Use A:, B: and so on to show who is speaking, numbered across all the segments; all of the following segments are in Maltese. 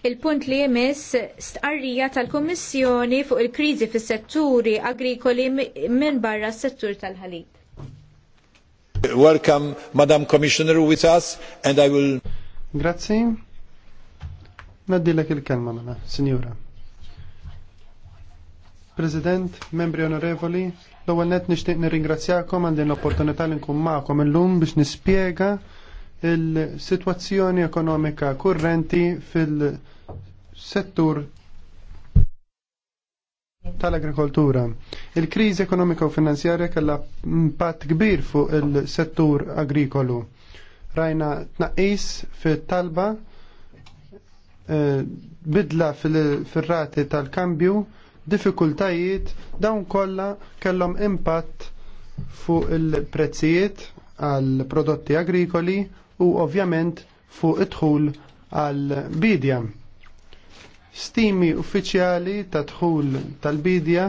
A: Il-punt li jemiss stqarrija tal-Kommissjoni fuq il-kriżi fis-setturi agrikoli minn barra s-settur tal-ħalib.
B: Welcome, Madam Commissioner, with us, and I will... Grazie. Naddilek il-kelma mela, Signora. President, membri onorevoli, l-ewwel nett nixtieq nirringrazzjakom għandin l-opportunità li nkun magħkom illum biex nispjega il-situazzjoni ekonomika kurrenti fil-settur tal-agrikoltura. Il-kriżi ekonomika u finanzjarja kellha impatt kbir fuq il-settur agrikolu. Rajna tnaqqis fit-talba, eh, bidla fil-rati tal-kambju, diffikultajiet, dawn kollha kellhom impatt fuq il-prezzijiet għal prodotti agrikoli u ovvjament fuq idħul għal bidja. Stimi uffiċjali ta' dħul tal-bidja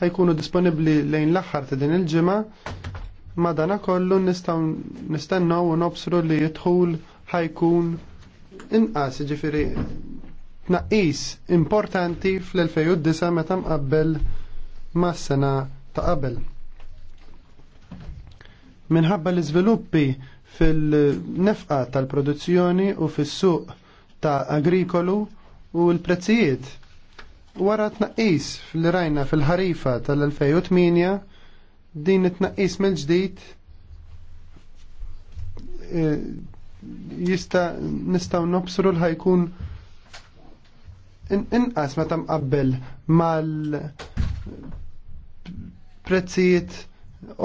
B: ħajkunu disponibli lejn l-aħħar ta' din il-ġimgħa madana kollu nistennaw u nobsru li jidħul ħajkun inqas ġifiri tnaqqis importanti fl-2009 meta mqabbel mas-sena ta' qabel. Minħabba l-iżviluppi fil-nefqa tal-produzzjoni u fis-suq ta' agrikolu u l-prezzijiet. Wara tnaqqis fil-rajna fil-ħarifa tal-2008 din it-tnaqqis mill-ġdid e, jista nistaw nobsru l-ħajkun inqas meta mqabbel mal prezzijiet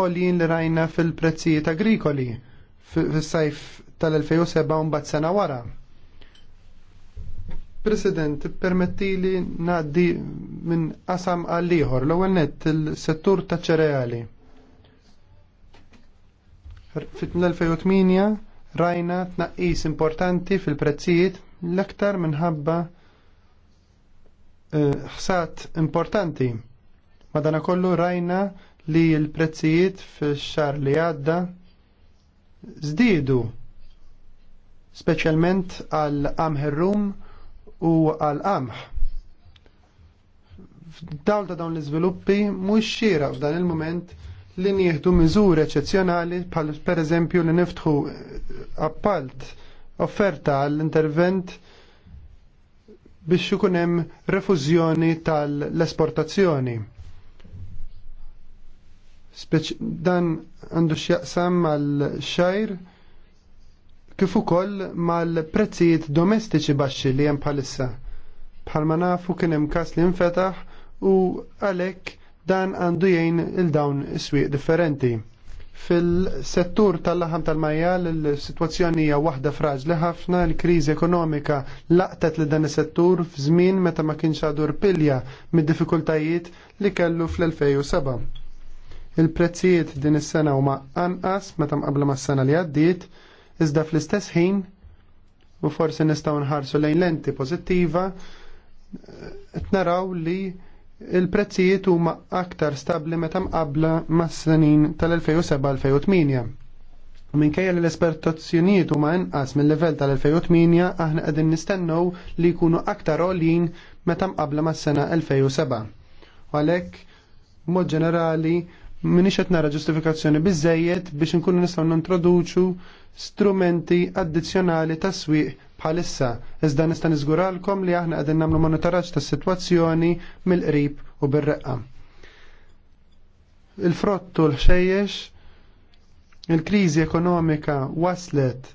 B: olin li rajna fil-prezzijiet agrikoli fis-sajf tal-2007 mbagħad sena wara. President, permetti li naddi minn qasam għal ieħor l-ewwel nett il-settur ta' ċereali. Fit-2008 rajna tnaqqis importanti fil-prezzijiet l-aktar minħabba eh, ħsat importanti. Madanakollu rajna li l-prezzijiet fix xar li għadda zdidu speċjalment għal amherrum u għal qamħ. Dawl ta' dawn l-iżviluppi mux xira f'dan il-mument li nieħdu miżuri eċċezzjonali per pereżempju li niftħu appalt offerta għall-intervent biex ikun hemm refużjoni tal-esportazzjoni. Dan għandu x'jaqsam mal-xajr kif ukoll mal-prezzijiet domestiċi baxxi li hemm bħalissa. Bħalma nafu kien hemm każ li nfetaħ u għalhekk dan għandu jgħin il dawn iswieq differenti. Fil-settur tal-laħam tal-majjal il-sitwazzjoni hija waħda fraġli ħafna, l-kriżi ekonomika laqtet li dan is-settur f'żmien meta ma kienx għadu rpilja mid-diffikultajiet li kellu fl-2007 Il-prezzijiet din is-sena huma anqas meta mqabbla mas-sena li għaddiet, iżda fl-istess ħin u forsi nistgħu nħarsu lejn lenti pożittiva qed eh, naraw li il-prezzijiet huma aktar stabbli meta mqabbla mas-snin tal-2007-2008. Minkejja li l-esportazzjonijiet huma inqas mill-livell tal-2008 aħna qegħdin nistennew li jkunu aktar għolin meta mqabbla mas-sena 2007. U għalhekk mod ġenerali minix qed nara ġustifikazzjoni biżejjed biex inkunu nistgħu nintroduċu strumenti addizzjonali ta' swieq bħalissa. Iżda nista' niżguralkom li aħna qegħdin nagħmlu monitoraġġ tas-sitwazzjoni mill-qrib u bir-reqqa. il frottu l-ħxejjex, il-kriżi ekonomika waslet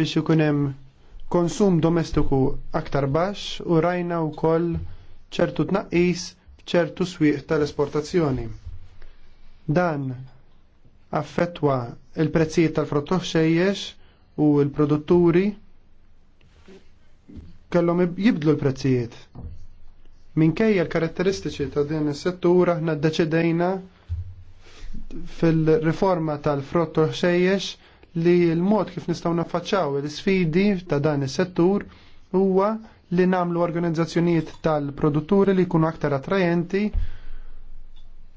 B: biex ikun hemm konsum domestiku aktar baxx u rajna wkoll ċertu tnaqqis b'ċertu swieq tal-esportazzjoni. Dan affettwa il-prezzijiet tal-frottoħ xejjex u l-produtturi kellhom jibdlu l-prezzijiet. Minkejja l-karatteristiċi ta' din is-settur aħna ddeċidejna fil-riforma tal-frottoħ xejjex li l-mod kif nistgħu naffaċċaw il sfidi ta' dan is-settur huwa li namlu organizzazzjonijiet tal-produtturi li jkunu aktar attrajenti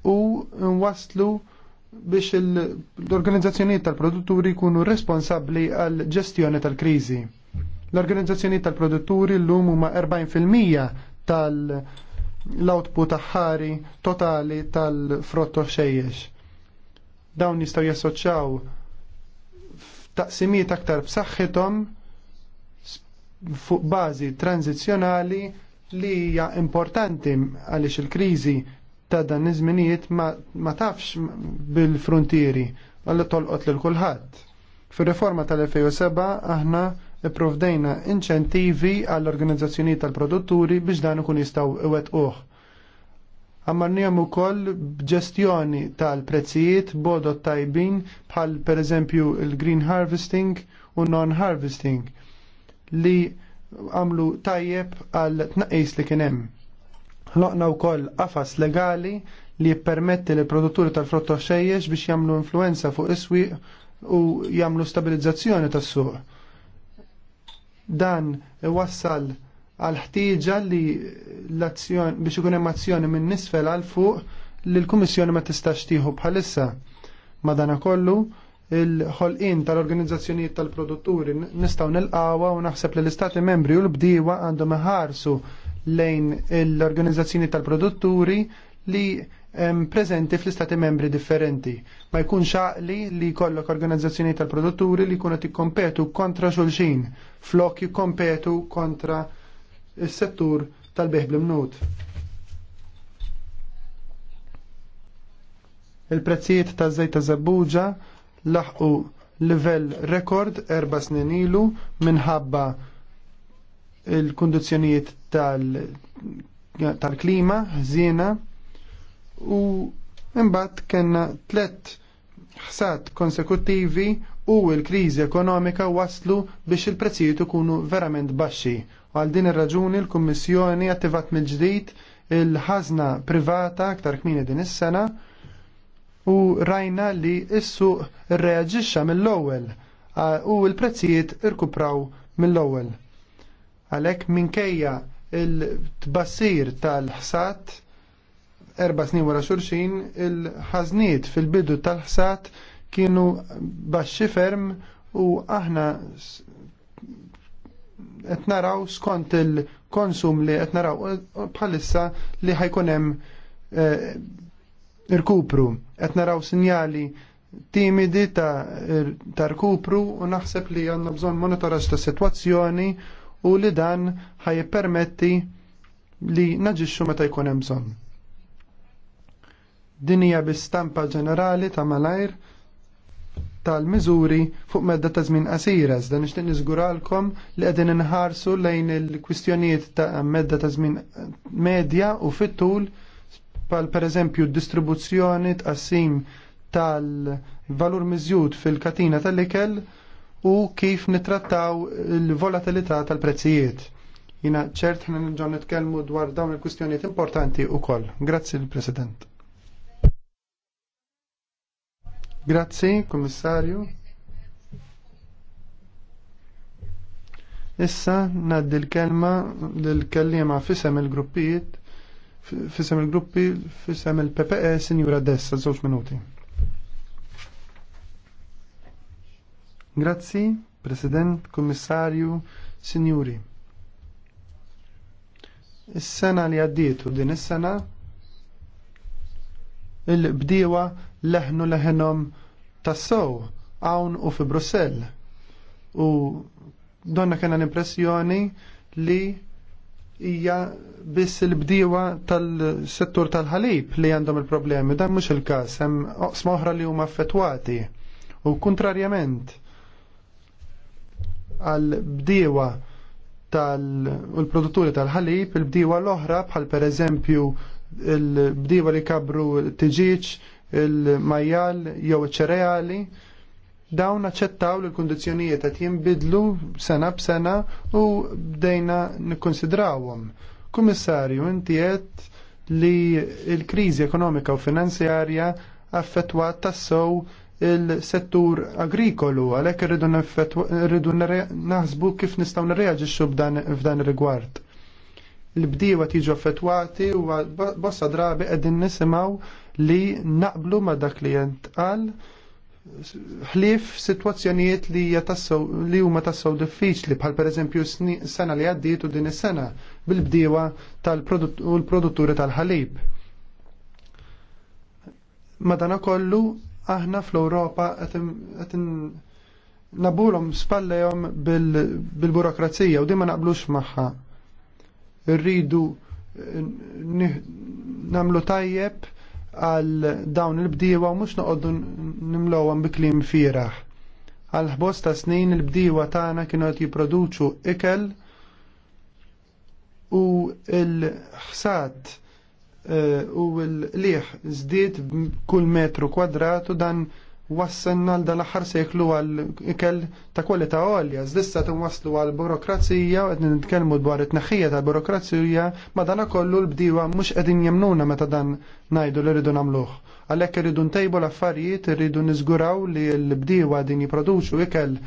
B: u nwaslu biex l-organizzazzjonijiet tal-produtturi jkunu responsabbli għal ġestjoni tal-kriżi. L-organizzazzjonijiet tal-produtturi llum huma 40% tal-output taħħari totali tal-frotto xejjex. Dawn jistgħu jassoċjaw f'taqsimijiet aktar b'saħħithom fuq bażi tranzizzjonali li hija importanti għaliex il-kriżi ta' dan iż-żminijiet ma tafx bil-frontieri għalli tolqot lil kulħadd. Fir-riforma tal-2007 aħna ipprovdejna inċentivi għall organizzazzjoni tal-produtturi biex dan ikun jistgħu iwettquh. Ammarnijom ukoll b'ġestjoni tal-prezzijiet bodot tajbin bħal pereżempju il-green harvesting u non-harvesting li għamlu tajjeb għal tnaqqis li kien hemm Ħloqna wkoll qafas legali li jippermetti li produtturi tal-frott xejjex biex jagħmlu influenza fuq is-swieq u jagħmlu stabilizzazzjoni tas-suq. Dan wassal għal ħtieġa li l-azzjoni biex ikun hemm azzjoni minn nisfel għal fuq li l-Kummissjoni ma tistax tieħu bħalissa. Madanakollu, il-ħolqin tal-organizzazzjonijiet tal-produtturi nistgħu nilqawha u naħseb li l-istati membri u l-bdiewa għandhom iħarsu lejn l-organizzazzjoni tal-produtturi li prezenti fl-istati membri differenti. Ma jkun xaqli li kollok organizzazzjoni tal-produtturi li kunu tikkompetu kontra xulxin, flok jikkompetu kontra il-settur tal-beħ bl-mnut. Il-prezzijiet ta' zejt ta' zabbuġa laħqu livell rekord erba snin ilu minħabba il-kondizjonijiet tal-klima, tal u imbagħad kellna tlet ħsat konsekuttivi u l-kriżi ekonomika waslu biex il-prezzijiet ikunu verament baxxi. Għal din ir-raġuni l-Kummissjoni attivat mill-ġdid il-ħażna privata aktar kmini din is-sena u rajna li issu suq mill-ewwel u l-prezzijiet irkupraw mill-ewwel. Għalhekk minkejja il-tbassir tal-ħsat erba' snin wara xulxin il-ħażniet fil-bidu tal-ħsat kienu baxxi ferm u aħna qed naraw skont il-konsum li qed naraw bħalissa li ħajkun hemm e, irkupru. Qed naraw sinjali timidi ta' rkupru u naħseb li għandna bżonn monitoraġġ ta' sitwazzjoni u li dan ħaj permetti li naġixxu meta jkun hemm bżonn. Din hija stampa ġenerali ta' malajr tal-miżuri fuq medda ta' żmien qasira, iżda nixtieq niżguralkom li qegħdin inħarsu lejn il-kwistjonijiet ta' medda ta' żmien medja u fit-tul pal pereżempju d-distribuzzjoni tqassim tal-valur miżjud fil-katina tal-ikel u kif nitrattaw il-volatilità tal-prezzijiet. Jina ċert ħna nġon nitkellmu dwar dawn il-kustjonijiet importanti u koll. Grazzi l-President. Grazzi, Kommissarju. Issa naddi l-kelma l-kellima fisem il-gruppijiet, fisem il-gruppi, fisem il-PPE, Sinjura Dessa, żewġ minuti. Grazzi, President, Kommissarju, Sinjuri. Is-sena li għaddietu din is-sena il-bdiewa leħnu leħenom tassow hawn u fi Brussell. U donna kena l-impressjoni li hija biss il-bdiewa tal-settur tal-ħalib li għandhom il-problemi. Dan mhux il-każ, hemm oqsma oħra li huma affettwati. U kontrarjament, għal bdiewa tal-produtturi tal-ħalib, il-bdiewa l-oħra bħal per eżempju il-bdiewa li kabru t-tiġiċ, il-majjal jew ċereali, dawn aċċettaw li l-kondizjonijiet qed jinbidlu sena b'sena u bdejna nikkonsidrawhom. Kummissarju, inti qed li l-kriżi ekonomika u finanzjarja affettwat tassow il-settur agrikolu, għalhekk rridu naħsbu kif nistgħu nirreaġixxu f'dan ir-rigward. Il-bdiewa tiġu affettwati u bossa drabi qegħdin nisimgħu li naqblu ma' dak li għal ħlief situazzjonijiet li jatassaw li huma tassaw diffiċli bħal pereżempju sena li għaddiet u din is-sena bil-bdiewa tal-produtturi tal-ħalib. Madana kollu aħna fl-Ewropa qed nabulhom spallejhom bil-burokrazija u din ma naqblux magħha. Irridu eh, namlu tajjeb għal dawn il-bdiewa u mhux noqogħdu nimlowhom bi kliem fieraħ. Għal ħbosta ta' snin il-bdiewa tagħna kienu qed jipproduċu ikel u l-ħsad Eh, u l-liħ zdiet kull metru kwadrat u dan wassenna l dan aħħar seklu għal ikel ta' kwalità għolja. Zdissa tinwaslu għal burokrazija, qed nitkellmu dwar it-tneħħija tal burokrazija, ma dana kollu l bdiwa mhux qegħdin jemnuna meta dan ngħidu li rridu nagħmluh. Għalhekk irridu ntejbu l-affarijiet, irridu niżguraw li l bdiwa din jipproduċu ikel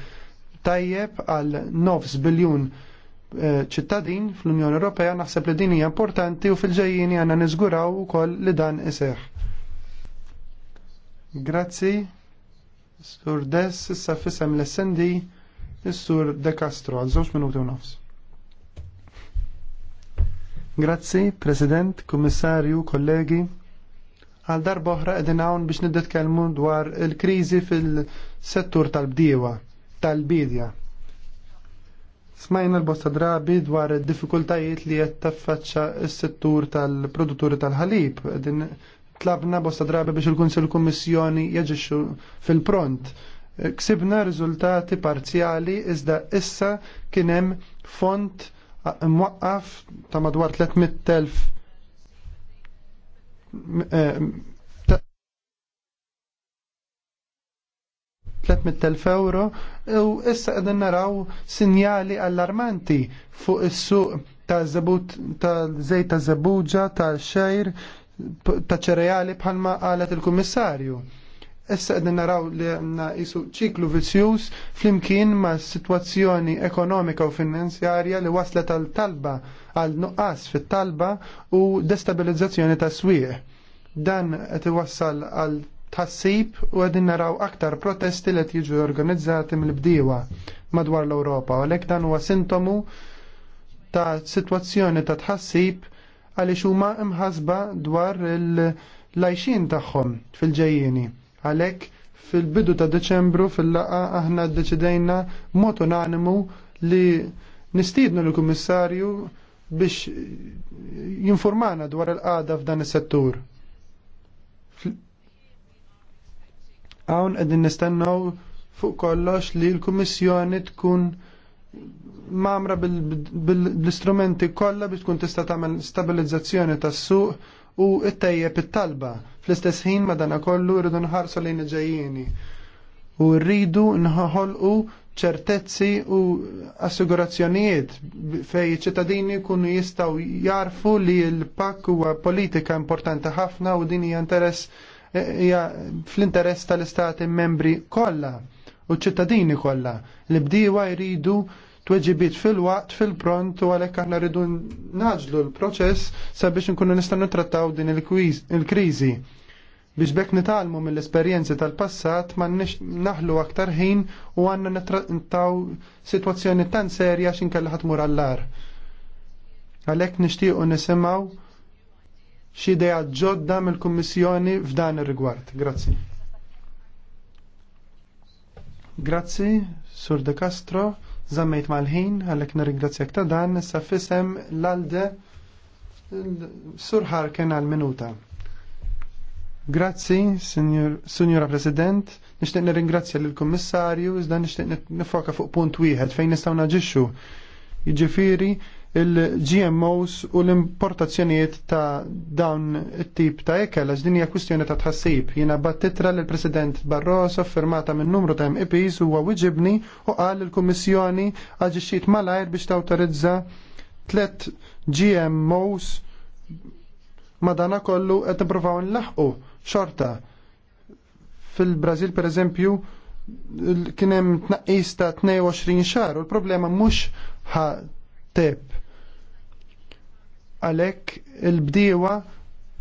B: tajjeb għal 9 biljun ċittadin fl-Unjoni Ewropea naħseb li din hija importanti u fil-ġejjini għandna niżguraw ukoll li dan iseħħ. Grazzi, Sur Dess, issa fisem l-SND, Sur De Castro, għal żewġ minuti u nofs. Grazzi, President, Kummissarju, kollegi. Għal darba oħra qegħdin hawn biex niddetkellmu dwar il-kriżi fil-settur tal-bdiewa, tal-bidja Smajna l-bosta drabi dwar diffikultajiet li qed taffaċċa s-settur tal-produtturi tal-ħalib. Din tlabna bosta drabi biex il-Kunsil Kummissjoni jaġixxu fil-pront. Ksibna riżultati parzjali iżda issa kien hemm font mwaqqaf ta' madwar 300.000 300.000 euro u issa qegħdin naraw sinjali allarmanti fuq is-suq ta' zabut ta' żejt ta' zabuġa ta' xejr ta' ċereali bħalma qalet il-kummissarju. Issa għedin naraw li għandna isu ċiklu vizjus flimkien ma' situazzjoni ekonomika u finanzjarja li waslet għal talba għal nuqqas fit-talba u destabilizzazzjoni ta' swieħ Dan qed iwassal għal tħassib u għedin naraw aktar protesti li jiġu organizzati mill-bdiewa madwar l-Ewropa u għalek dan huwa sintomu ta' sitwazzjoni ta' tħassib għaliex huma imħasba dwar l-lajxin tagħhom fil-ġejjieni. Għalhekk fil-bidu ta' Deċembru fil-laqa aħna ddeċidejna mod unanimu li nistidnu l-Kummissarju biex jinformana dwar il-qada f'dan is-settur. Hawn qegħdin nistennew fuq kollox li l-Kummissjoni tkun mamra bil istrumenti kollha biex tkun tista' tagħmel stabilizzazzjoni tas-suq u ttejjeb it-talba. Fl-istess ħin madana kollu rridu nħarsu lejn ġejjieni. U rridu nħolqu ċertezzi u assigurazzjonijiet fej ċittadini kunu jistaw jarfu li l-pak huwa politika importanti ħafna u din hija interess hija fl-interess tal-istati membri kollha u ċittadini kollha. li bdiewa jridu tweġibit fil-waqt, fil-pront u għalhekk aħna rridu naġlu l-proċess sabiex nkunu nistgħu nittrattaw din il-kriżi biex bekk nitalmu mill-esperjenzi tal-passat ma naħlu aktar ħin u għanna nitrattaw situazzjoni tan serja xin kalla ħatmur għallar. Għalek nishtiqu nisimaw xi idea ġodda mill-Kummissjoni f'dan ir-rigward. Grazzi. Grazzi, Sur De Castro, zammejt mal-ħin, għalhekk nirringrazzjak ta' dan, issa fisem l-alde Sur Harken għal-minuta. Grazzi, Signora President, nixtieq nirringrazzja lill kummissarju iżda nixtieq nifoka fuq punt wieħed fejn nistgħu naġixxu. Jiġifieri il-GMOs u l-importazzjonijiet ta' dawn it-tip ta' ekel, għax din hija kwistjoni ta' tħassib. Jiena battitra l president Barroso firmata minn numru ta' MEPs huwa għawġibni u qal il-Kummissjoni aġixxiet malajr biex tawtorizza tlet GMOs madana kollu qed nippruvaw nlaħqu xorta. Fil-Brażil pereżempju kien hemm tnaqqis ta' 22 xahar u l-problema mhux ħa tep Għalhekk il-bdiewa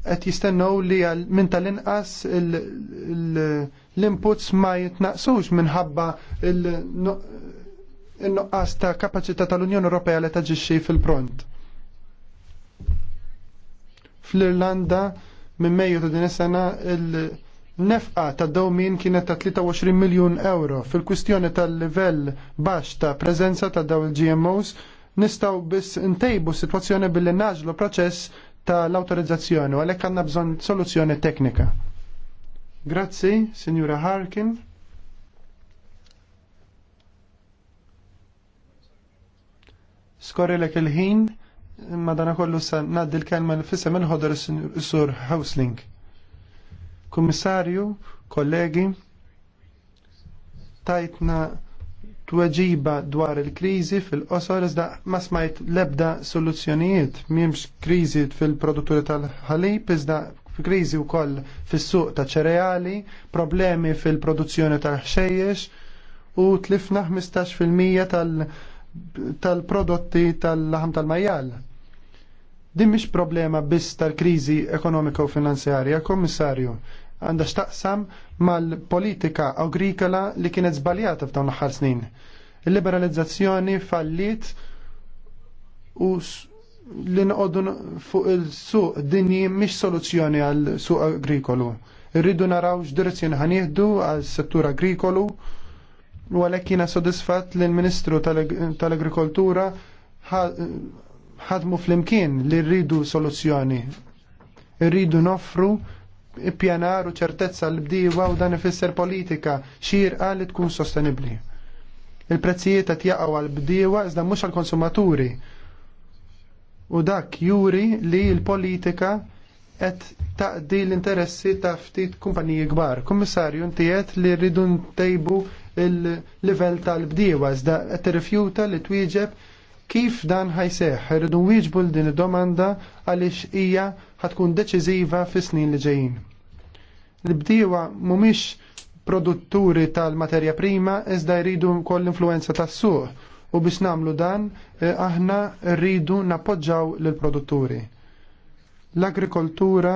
B: qed jistennew li minn tal-inqas l-inputs ma jitnaqsux minħabba il-nuqqas ta' kapaċità tal-Unjoni Ewropea li taġixxi fil-pront. Fl-Irlanda minn Mejju ta' din is-sena il-nefqa ta' dawmin kienet ta' 23 miljun euro fil-kwistjoni tal-livell baxx ta' preżenza ta' daw il-GMOs nistaw biss ntejbu situazzjoni billi naġlu proċess tal-autorizzazzjoni u għalhekk għandna bżonn soluzzjoni teknika. Grazzi, Signora Harkin. lek il-ħin, dana kollu sa naddi l-kelma l-fissem minn ħodar sur Hausling. Kummissarju, kollegi, tajtna tweġiba dwar il-kriżi fil-qosor iżda ma smajt l-ebda soluzzjonijiet m'hemmx kriżi fil-produtturi tal-ħalib iżda kriżi wkoll fis-suq ta' ċereali, problemi fil-produzzjoni tal-ħxejjex u tlifna 15% tal-prodotti tal-laħam tal-majjal. Din mhix problema biss tal-kriżi ekonomika u finanzjarja, Kommissarju, għandha xtaqsam mal-politika agrikola li kienet żbaljata f'dawn l-aħħar snin. Il-liberalizzazzjoni fallit u li nqoddu fuq il-suq dinji mhix soluzzjoni għal suq agrikolu. Irridu naraw x'direzzjoni ħanieħdu għal settur agrikolu u għalhekk jiena sodisfatt li l-Ministru tal-Agrikoltura ħadmu fl-imkien li rridu soluzzjoni. Irridu noffru ippjanar u ċertezza l-bdiewa u dan ifisser politika xirqa li tkun sostenibbli. Il-prezzijiet qed jaqgħu għall-bdiewa iżda mhux għall-konsumaturi. U dak juri li l-politika qed taqdi l-interessi ta' ftit kumpaniji kbar. Kummissarju intiet li rridu ntejbu il-livell tal-bdiewa iżda qed tirrifjuta li twieġeb kif dan ħajseħ, rridu wieġbu l-din id-domanda għaliex hija ħatkun deċiżiva fis-snin li ġejjin. L-bdiewa mhumiex produtturi tal-materja prima iżda jridu koll l-influenza tas-suq u biex nagħmlu dan eh, aħna rridu nappoġġaw lill-produtturi. L-agrikoltura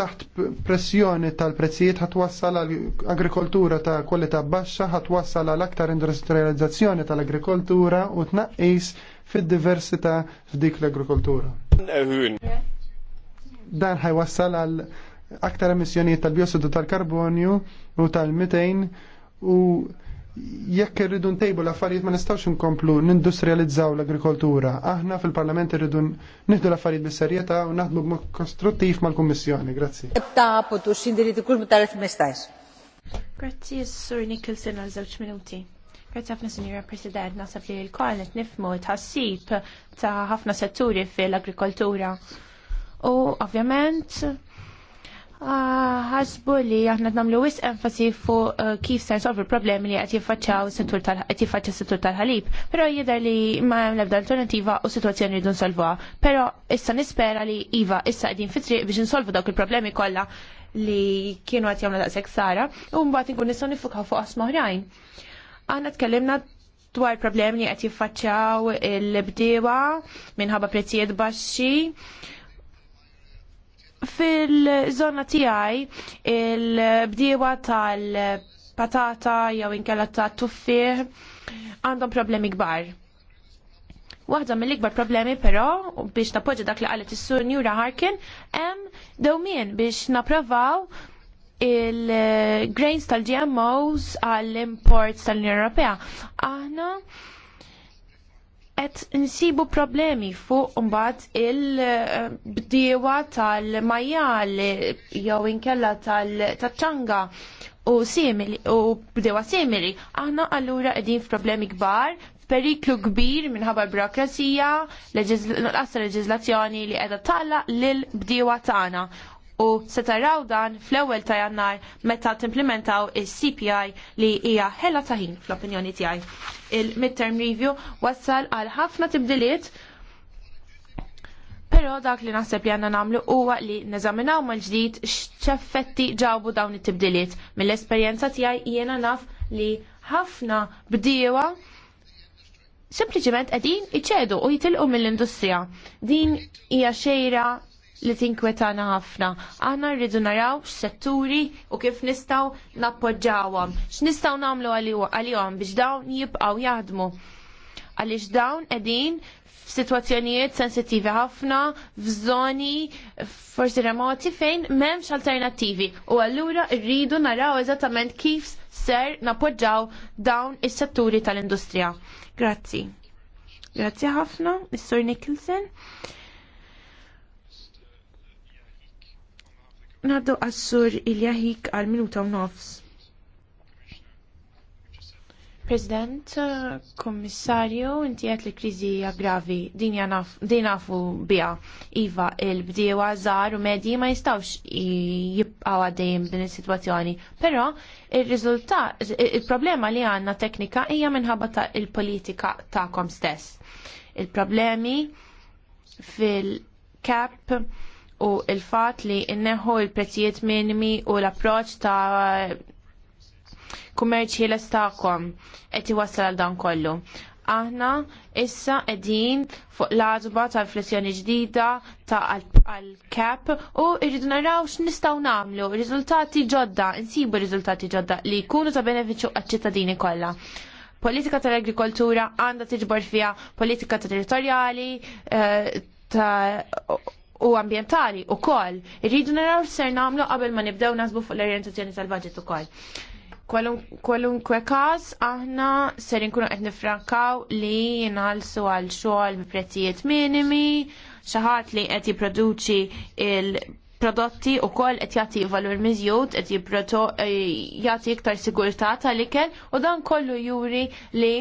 B: taħt pressjoni tal-prezzijiet ħatwassal l agrikoltura ta' kwalità baxxa ħatwassal l aktar industrializzazzjoni tal-agrikoltura u tnaqqis fid-diversità f'dik l-agrikoltura. Dan ħajwassal għal aktar emissjonijiet tal-biossidu tal-karbonju u tal-mitejn u jekk irridu ntejbu l-affarijiet ma nistgħux inkomplu nindustrializzaw l-agrikoltura. Aħna fil-Parlament irridu nieħdu l-affarijiet bis-serjetà u naħdmu b'mod kostruttiv mal-Kummissjoni. Grazzi.
C: Grazzi sur Nicholson għal żewġ minuti. Grazzi ħafna Sinjura President, nasab li l-kol qed nifhmu tħassib ta' ħafna setturi fil-agrikoltura. U ovvjament ħasbu li aħna namlu wis enfasi fuq eh, kif se nsolvu problemi li qed jiffaċċaw settur qed jiffaċċa tal-ħalib. Però jidher li ma hemm l-ebda alternattiva u sitwazzjoni rridu nsolvuha. Però issa nispera li iva issa qegħdin fitri biex insolvu dawk il-problemi kollha li kienu qed jagħmlu daqshekk Sara u mbagħad inkun nistgħu nifukaw fuq asmoħrajn. Aħna tkellimna dwar problemi li qed jiffaċċaw il-bdiewa minħabba prezzijiet baxxi Fil-żona tiegħi il-bdiewa tal-patata jew inkella ta' tuffieħ għandhom problemi kbar. Waħda mill-ikbar problemi però biex napoġġa dak li qalet is-sur Njura Harkin hemm dewmien biex napprovaw il-grains tal-GMOs għall-imports tal-Unjoni Ewropea. Aħna qed insibu problemi fuq mbagħad il-bdiewa tal-majjal jew inkella tal-ċanga u simili u bdewa simili. Aħna allura qegħdin f'problemi kbar, f'periklu kbir minħabba burokrazija, l-qasta leġiżlazzjoni li qiegħda tagħlaq lil bdiewa tagħna u setaraw dan fl-ewwel ta' jannar meta timplementaw is-CPI li hija ħela ta' ħin fl-opinjoni tiegħi. Il-midterm review wassal għal ħafna tibdiliet Pero dak li naħseb li għanna namlu huwa li neżaminaw mal-ġdid x'effetti ġabu dawn it-tibdiliet. Mill-esperjenza tiegħi jiena naf li ħafna bdiewa sempliċiment qegħdin iċedu u jitilqu mill-industrija. Din hija xejra li tinkwetana ħafna. Aħna rridu naraw x-setturi u kif nistaw nappoġġawhom. X'nistgħu nagħmlu għalihom biex dawn jibqgħu jaħdmu. Għaliex dawn qegħdin f'sitwazzjonijiet sensittivi ħafna, f'żoni forsi remoti fejn m'hemmx alternattivi u allura rridu naraw eżattament kif ser nappoġġaw dawn is-setturi tal-industrija. Grazzi. Grazzi ħafna, Mr. Nicholson. Naddu għassur il-jahik għal minuta u nofs. President, Kommissarju, inti għet li krizi gravi, din għafu bija. Iva, il-bdiewa zar u medji ma jistawx jibqaw għadim din il-situazzjoni. Pero, il-rizultat, il-problema li għanna teknika hija minħabba ta' il-politika kom stess. Il-problemi fil-kap u il-fat li inneħu il-prezzijiet minimi u l-approċ ta' kummerċi l-estakom qed iwassal għal dan kollu. Aħna issa qegħdin fuq l għażba ta' flessjoni ġdida ta' għal-kap u irridu naraw x'nistgħu nagħmlu, riżultati ġodda, insibu riżultati ġodda li jkunu ta' benefiċċju għaċ-ċittadini kollha politika tal-agrikoltura għandha tiġbor fiha politika territorjali eh, ta' u ambientali u kol Irridu naraw ser namlu qabel ma nibdew nasbu fuq l-orientazzjoni tal-budget u koll. Kwalunkwe każ aħna ser inkunu qed nifrankaw li jinalsu għal xogħol bi prezzijiet minimi, xaħat li qed jipproduċi il prodotti u koll qed jagħti valur miżjud qed jagħti iktar sigurtà tal-ikel u dan kollu juri li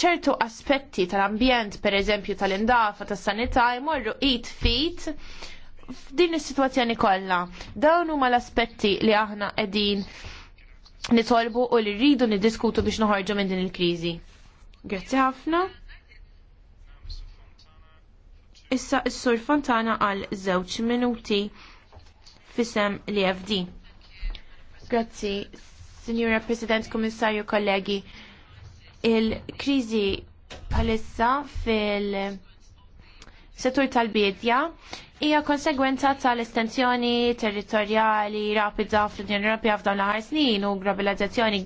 C: ċertu aspetti tal-ambjent, per eżempju tal-indafa, tas-sanità, jmorru it fit f'din is-sitwazzjoni kollha. Dawn huma l-aspetti li aħna qegħdin nitolbu u li rridu niddiskutu biex noħorġu minn din il-kriżi. Grazzi ħafna. Issa s-sur Fontana għal żewġ minuti fisem li FD. Grazzi, Signora President, Kommissarju, kollegi il-kriżi bħalissa fil- settur tal-bidja hija konsegwenza tal-estensjoni territorjali rapida fl-Unjoni Ewropea f'dawn l-aħħar snin u globalizzazzjoni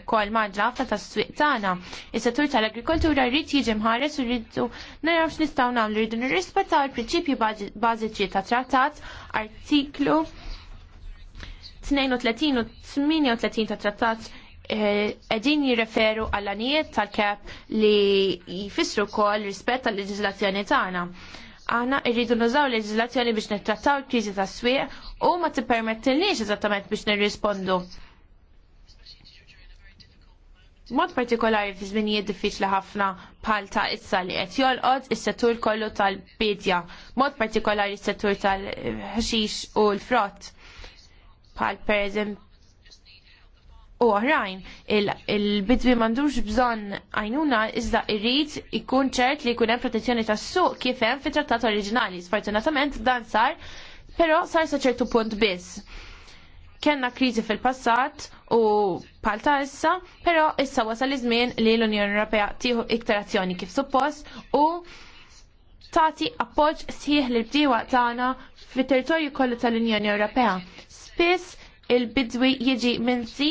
C: wkoll maġra ħafna tas-swieq tagħna. Is-settur tal-agrikoltura rrid jiġi mħares u rridu naraw x'nistgħu nagħmlu rridu nirrispettaw il-prinċipji bażiċi ta' trattat artiklu 32 u 38 ta' trattat Eh, edin jirreferu għall tal-kep li jfissru kol rispett tal-leġizlazzjoni tagħna. Aħna irridu nużaw leġizlazzjoni biex nittrattaw il-kriżi tas-swieq u ma tippermettilniex eżattament biex nirrispondu. Mod partikolari fi żminijiet diffiċli ħafna bħal ta' issa li qed jolqod is-settur kollu tal-bidja, mod partikolari s-settur tal ħxix u l-frott bħal per u oħrajn. Il-bidwi mandux bżon għajnuna iżda irrid ikun ċert li jkun hemm protezzjoni tas-suq kif hemm fit-trattat oriġinali. Sfortunatament dan sar, però sar sa ċertu punt biss. Kenna kriżi fil-passat u palta issa, però issa wasal iż-żmien li l-Unjoni Ewropea tieħu iktar azzjoni kif suppost u tagħti appoġġ sħiħ li bdiewa tagħna fit-territorju kollu tal-Unjoni Ewropea. Spiss il-bidwi jiġi minsi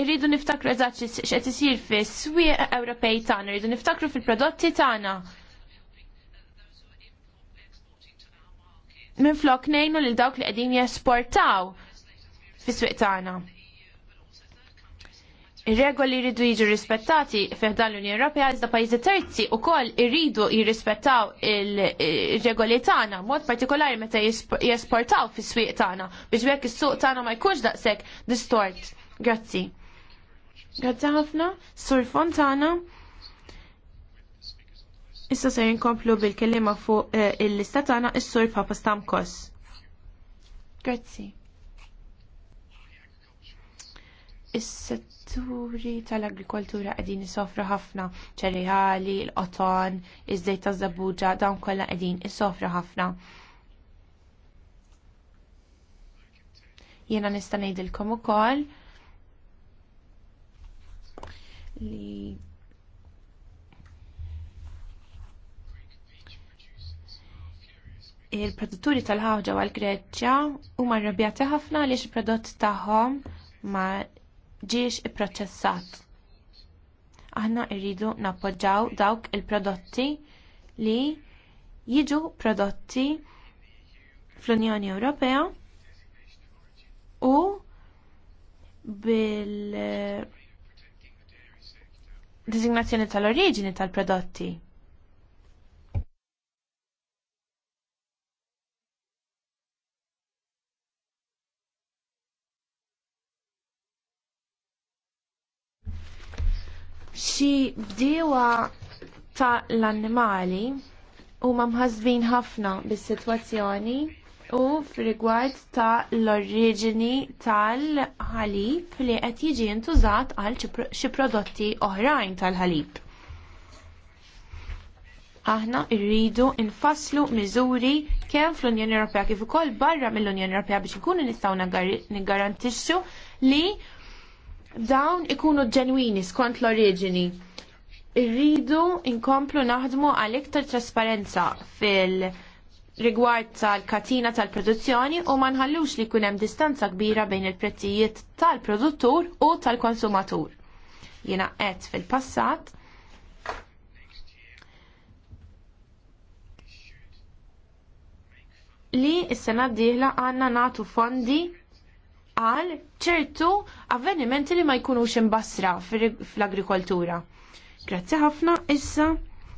C: irridu niftakru eżatt x'qed isir fis-swieq Ewropej tagħna, irridu niftakru fil-prodotti tagħna. flok ngħinu lil dawk li qegħdin jesportaw fis-swieq tagħna. Ir-regoli jridu jiġu rispettati dan l-Unjoni Ewropea iżda pajjiżi terzi wkoll irridu jirrispettaw ir-regoli tagħna mod partikolari meta jesportaw fis-swieq tagħna biex bekk is-suq tagħna ma jkunx daqshekk distort. Grazzi. Grazzi ħafna, Sur Fontana. Issa se jinkomplu bil-kelima fuq eh, il-lista tagħna is-sur Papa Stamkos. Grazzi. Is-setturi tal-agrikoltura qegħdin isofra ħafna ċereali, l-qoton, iż-żejt ta' zabuġa, dawn kollha qegħdin isofra ħafna. Jiena nista' ngħidilkom ukoll li il-produtturi tal-ħawġa għal Greċja u marrabjati ħafna li x-prodott taħħom ma ġiex i-proċessat. Aħna irridu nappoġġaw dawk il-prodotti li jiġu prodotti fl-Unjoni Ewropea u bil- designazzjoni tal-oriġini tal-prodotti. Xi bdiewa ta' l-annimali huma mħasbin ħafna bis-sitwazzjoni u f'rigward ta' l-oriġini tal-ħalib li qed jiġi ntużat għal xi prodotti oħrajn tal-ħalib. Aħna rridu nfasslu miżuri kemm fl-Unjoni Ewropea kif ukoll barra mill-Unjoni Ewropea biex ikunu nistgħu niggarantixxu li dawn ikunu ġenwini skont l-oriġini. Irridu nkomplu naħdmu għal iktar trasparenza fil- rigward tal-katina tal-produzzjoni u ma nħallux li kunem distanza kbira bejn il-prezzijiet tal-produttur u tal-konsumatur. Jena qed fil-passat li s-sena d-dihla għanna natu fondi għal ċertu avvenimenti li ma jkunux imbasra fl-agrikoltura. Grazzi ħafna issa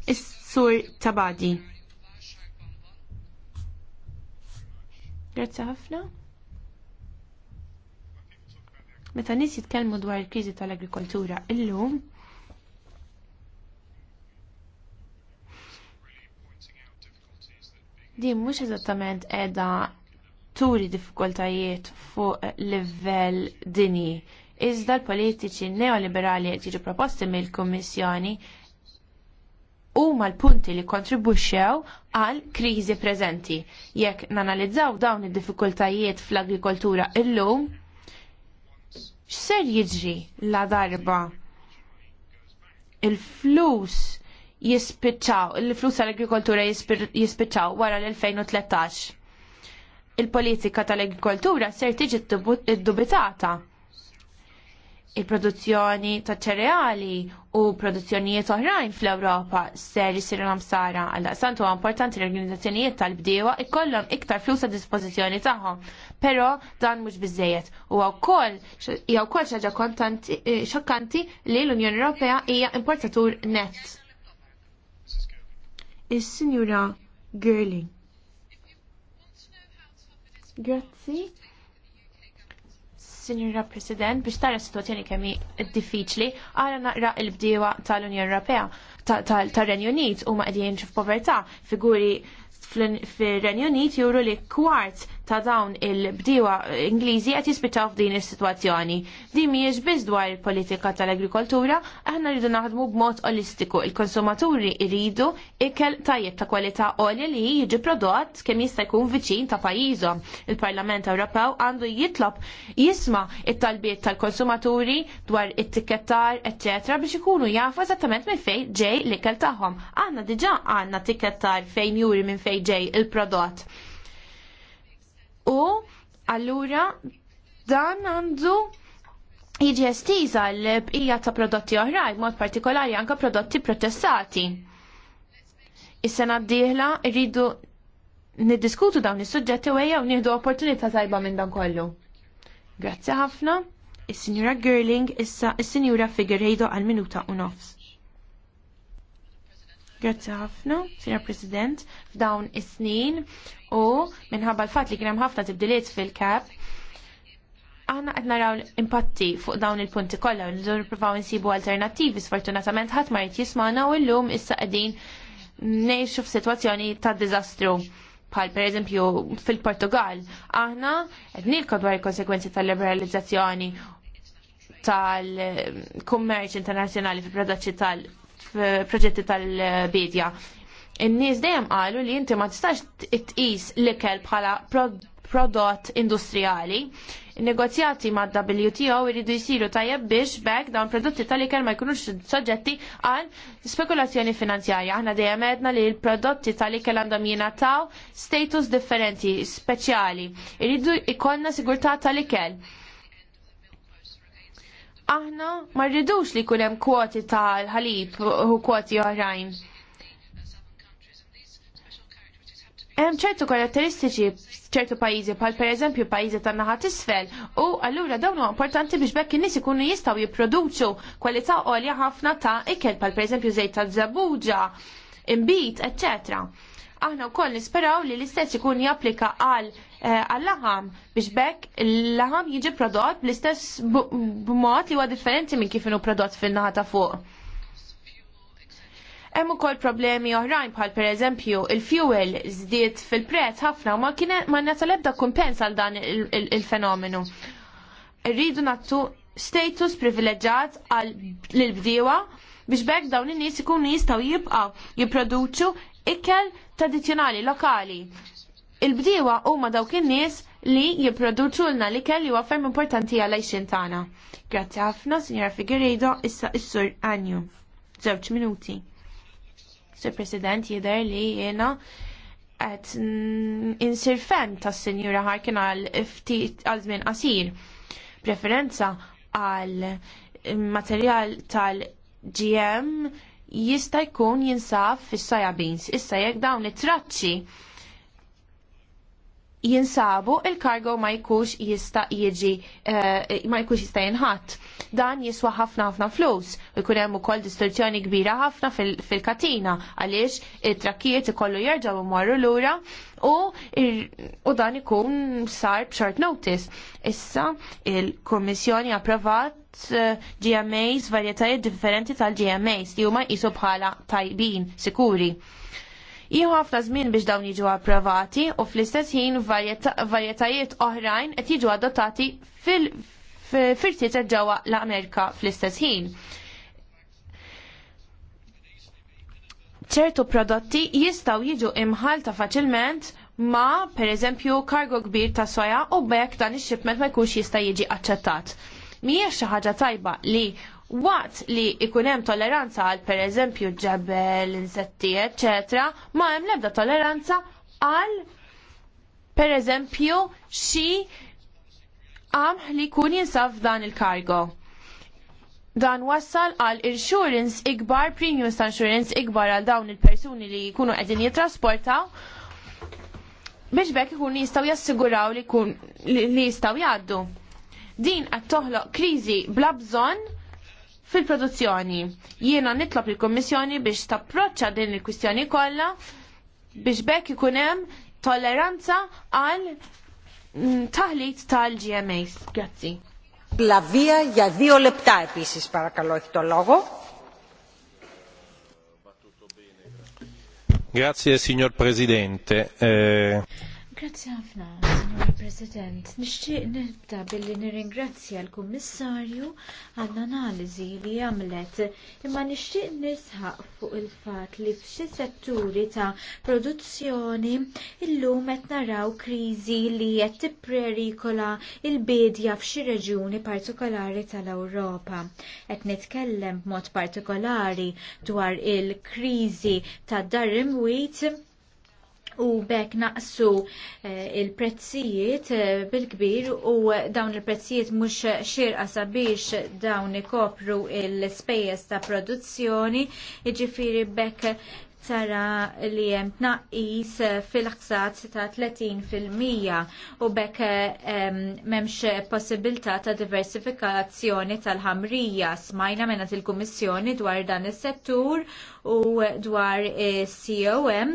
C: is-sur Tabadi. Grazzi ħafna. Meta nies jitkellmu dwar il-kriżi tal-agrikoltura illum, din mhux eżattament qiegħda turi diffikultajiet fuq livell dinji. Iżda l-politiċi neoliberali qed jiġu proposti mill-Kummissjoni huma l-punti li kontribwixxew għal kriżi preżenti. Jekk nanalizzaw dawn id-diffikultajiet fl-agrikoltura illum, x'ser jiġri la darba il-flus jispiċċaw, il-flus għall-agrikoltura jispiċċaw wara l-2013. Il-politika tal-agrikoltura ser tiġi ddubitata il-produzzjoni ta' ċereali u produzzjonijiet oħrajn fl-Ewropa ser jisiru msara għal daqsant huwa importanti l-organizzazzjonijiet tal-bdiewa ikollhom iktar flus a dispożizzjoni tagħhom. Però dan mhux biżejjed u wkoll hija wkoll xi ħaġa eh, xokkanti li l-Unjoni Ewropea hija importatur net. Is-Sinjura Girling. Grazzi. Signora President, biex tara situazzjoni kemmi diffiċli, għara naqra il-bdiewa tal-Unjoni Ewropea, tal-Renju Unit, u ma' povertà, figuri fil-Renju Unit juru li kwart ta' dawn il bdiwa Ingliżi qed jispiċċaw f'din is-sitwazzjoni. Din mhijiex biss dwar il-politika tal-agrikoltura, aħna rridu naħdmu b'mod olistiku. Il-konsumaturi jridu ikel tajjeb ta' kwalità olja li jiġi prodott kemm jista' jkun viċin ta' pajjiżhom. Il-Parlament Ewropew għandu jitlob jisma' it-talbiet tal-konsumaturi dwar it-tikettar, eċċetera biex ikunu jafu eżattament minn fejn ġej l-ikel tagħhom. Aħna diġà għandna tikettar fejn juri minn fejn ġej il-prodott u allura dan għandu jiġi l-bqija ta' prodotti oħrajn, mod partikolari anka prodotti protestati. Is-sena d-dieħla rridu niddiskutu dawn is-suġġetti u ejja u nieħdu opportunità tajba minn dan kollu. Grazzi ħafna. Is-Sinjura Girling issa is-Sinjura Figueiredo għal minuta u nofs. Grazzi ħafna, Sinjura President, f'dawn is-snin u minħabba l-fat li kienem ħafna tibdiliet fil-kap, aħna qed naraw impatti fuq dawn il-punti kollha u nippruvaw insibu alternattivi sfortunatament ħadd ma jrid jismana u llum issa qegħdin ngħixu f'sitwazzjoni ta' diżastru bħal per eżempju fil-Portugal, aħna qed nilkod dwar il-konsekwenzi tal-liberalizzazzjoni tal-kummerċ internazzjonali fil-prodotti proġetti tal-bidja in-nies dejjem qalu li inti ma tistax tqis l-ikel bħala prodott industrijali. negozjati ma' WTO jridu jisiru tajjeb biex bekk dawn prodotti tal-ikel ma jkunux soġġetti għal spekulazzjoni finanzjarja. Aħna dejjem għedna li l-prodotti tal-ikel għandhom jingħataw status differenti, speċjali. Irridu ikollna sigurtà tal-ikel aħna ma rridux li kunem kwoti tal-ħalib u kwoti oħrajn. Hemm ċertu karatteristiċi ċertu pajjiżi bħal pereżempju pajjiżi tan-naħa tisfel u allura dawn huwa importanti biex bekk in-nies ikunu jistgħu jipproduċu kwalità għolja ħafna ta' ikel bħal pereżempju żejt ta' żabuġa, imbit, etc. Aħna wkoll nisperaw li l-istess ikun japplika għal eh, għall-laħam biex bekk il-laħam jiġi prodott bl-istess b'mod li huwa differenti minn kif inhu prodott fin-naħa ta' fuq. Hemm ukoll problemi oħrajn bħal pereżempju il-fuel żdied fil-prezz ħafna u ma kien ma l-ebda kumpens għal dan il-fenomenu. Irridu nattu status privileġġat għal l-bdiewa biex bekk dawn in-nies ikunu jistgħu jibqgħu jipproduċu ikel tradizzjonali lokali. Il-bdiewa huma dawk in-nies li jipproduċu lna l-ikel li huwa ferm importanti għal xejn tagħna. Grazzi ħafna, Sinjora Figueredo, issa s-sur Anju. Żewġ minuti. Sur President, jidher li jiena qed insir fem tas-Sinjura Harkin għal ftit għal żmien qasir. Preferenza għal materjal tal-GM jista' jkun jinsab fis sajabins Issa jekk dawn it-traċċi jinsabu il-kargo ma jkunx jista jiġi uh, ma jkunx jista jinħatt. Dan jiswa ħafna ħafna flus u jkun hemm ukoll distorsjoni kbira ħafna fil-katina fil għaliex it-trakkijiet ikollu jerġgħu mmorru lura u, u dan ikun sar b'short notice. Issa il-Kummissjoni approvat eh, GMAs varjetajiet differenti tal-GMAs li huma jisu bħala tajbin sikuri Iħu ħafna żmien biex dawn jiġu approvati u fl-istess ħin varjetajiet oħrajn qed jiġu adottati fil-firtiet ġewwa l-Amerika fl-istess ħin. ċertu prodotti jistaw jiġu imħalta faċilment ma per eżempju kargo kbir ta' soja u bekk dan ix-shipment ma jkunx jista' jiġi aċċettat. Mhijiex xi ħaġa tajba li waqt li ikunem hemm tolleranza għal pereżempju ġebel, insetti, eċetera, ma hemm l-ebda tolleranza għal pereżempju xi qamħ li jkun jinsaf dan il-kargo. Dan wassal għal insurance ikbar, premiums ta' insurance ikbar għal dawn il-persuni li jkunu qegħdin jitrasportaw biex bekk ikun jistaw jassiguraw li, kun, li, jistaw jaddu. Din qed toħloq krizi bla bżonn fil-produzzjoni. Jiena nitlob il-Kommissjoni biex tapproċċa din il-kwistjoni kollha biex bekk ikun hemm tolleranza għal mm, taħlit tal-GMAs. Grazzi. La
A: via ja dio lepta episis para έχει το logo.
B: Grazie signor Presidente. Eh...
A: Grazzi ħafna, Signor President. Nixtieq nibda billi nirringrazzja l-Kummissarju għall-analiżi li għamlet imma nixtieq nisħaq fuq il-fatt li f'xi setturi ta' produzzjoni illum qed naraw kriżi li qed tipprerikola il-bidja f'xi reġjuni partikolari tal-Ewropa. Qed nitkellem b'mod partikolari dwar il-kriżi tad darim wheat u bekk naqsu eh, il-prezzijiet eh, bil-kbir u dawn il-prezzijiet mhux xirqa sabiex dawn ikopru il-spejjeż ta' produzzjoni, jiġifieri bekk tara li hemm tnaqqis fil-ħsat ta' 30% u bekk m'hemmx possibilità ta' diversifikazzjoni tal-ħamrija. Smajna minn il-Kummissjoni dwar dan is-settur u dwar eh, COM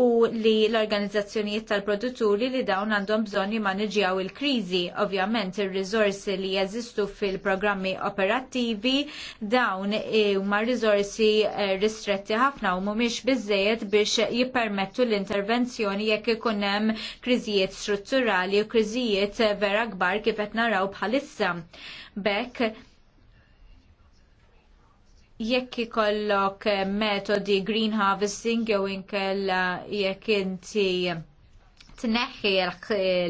A: u li l-organizzazzjonijiet tal-produtturi li dawn għandhom bżonn jimmaniġjaw il-kriżi. Ovvjament ir-riżorsi li jeżistu fil-programmi operattivi dawn eh, huma riżorsi eh, ristretti ħafna u mhumiex biżejjed biex jippermettu l-intervenzjoni jekk ikun hemm kriżijiet strutturali u kriżijiet vera kbar kif qed naraw bħalissa. Bekk jekk ikollok eh, metodi green harvesting jew inkella jekk inti tneħħi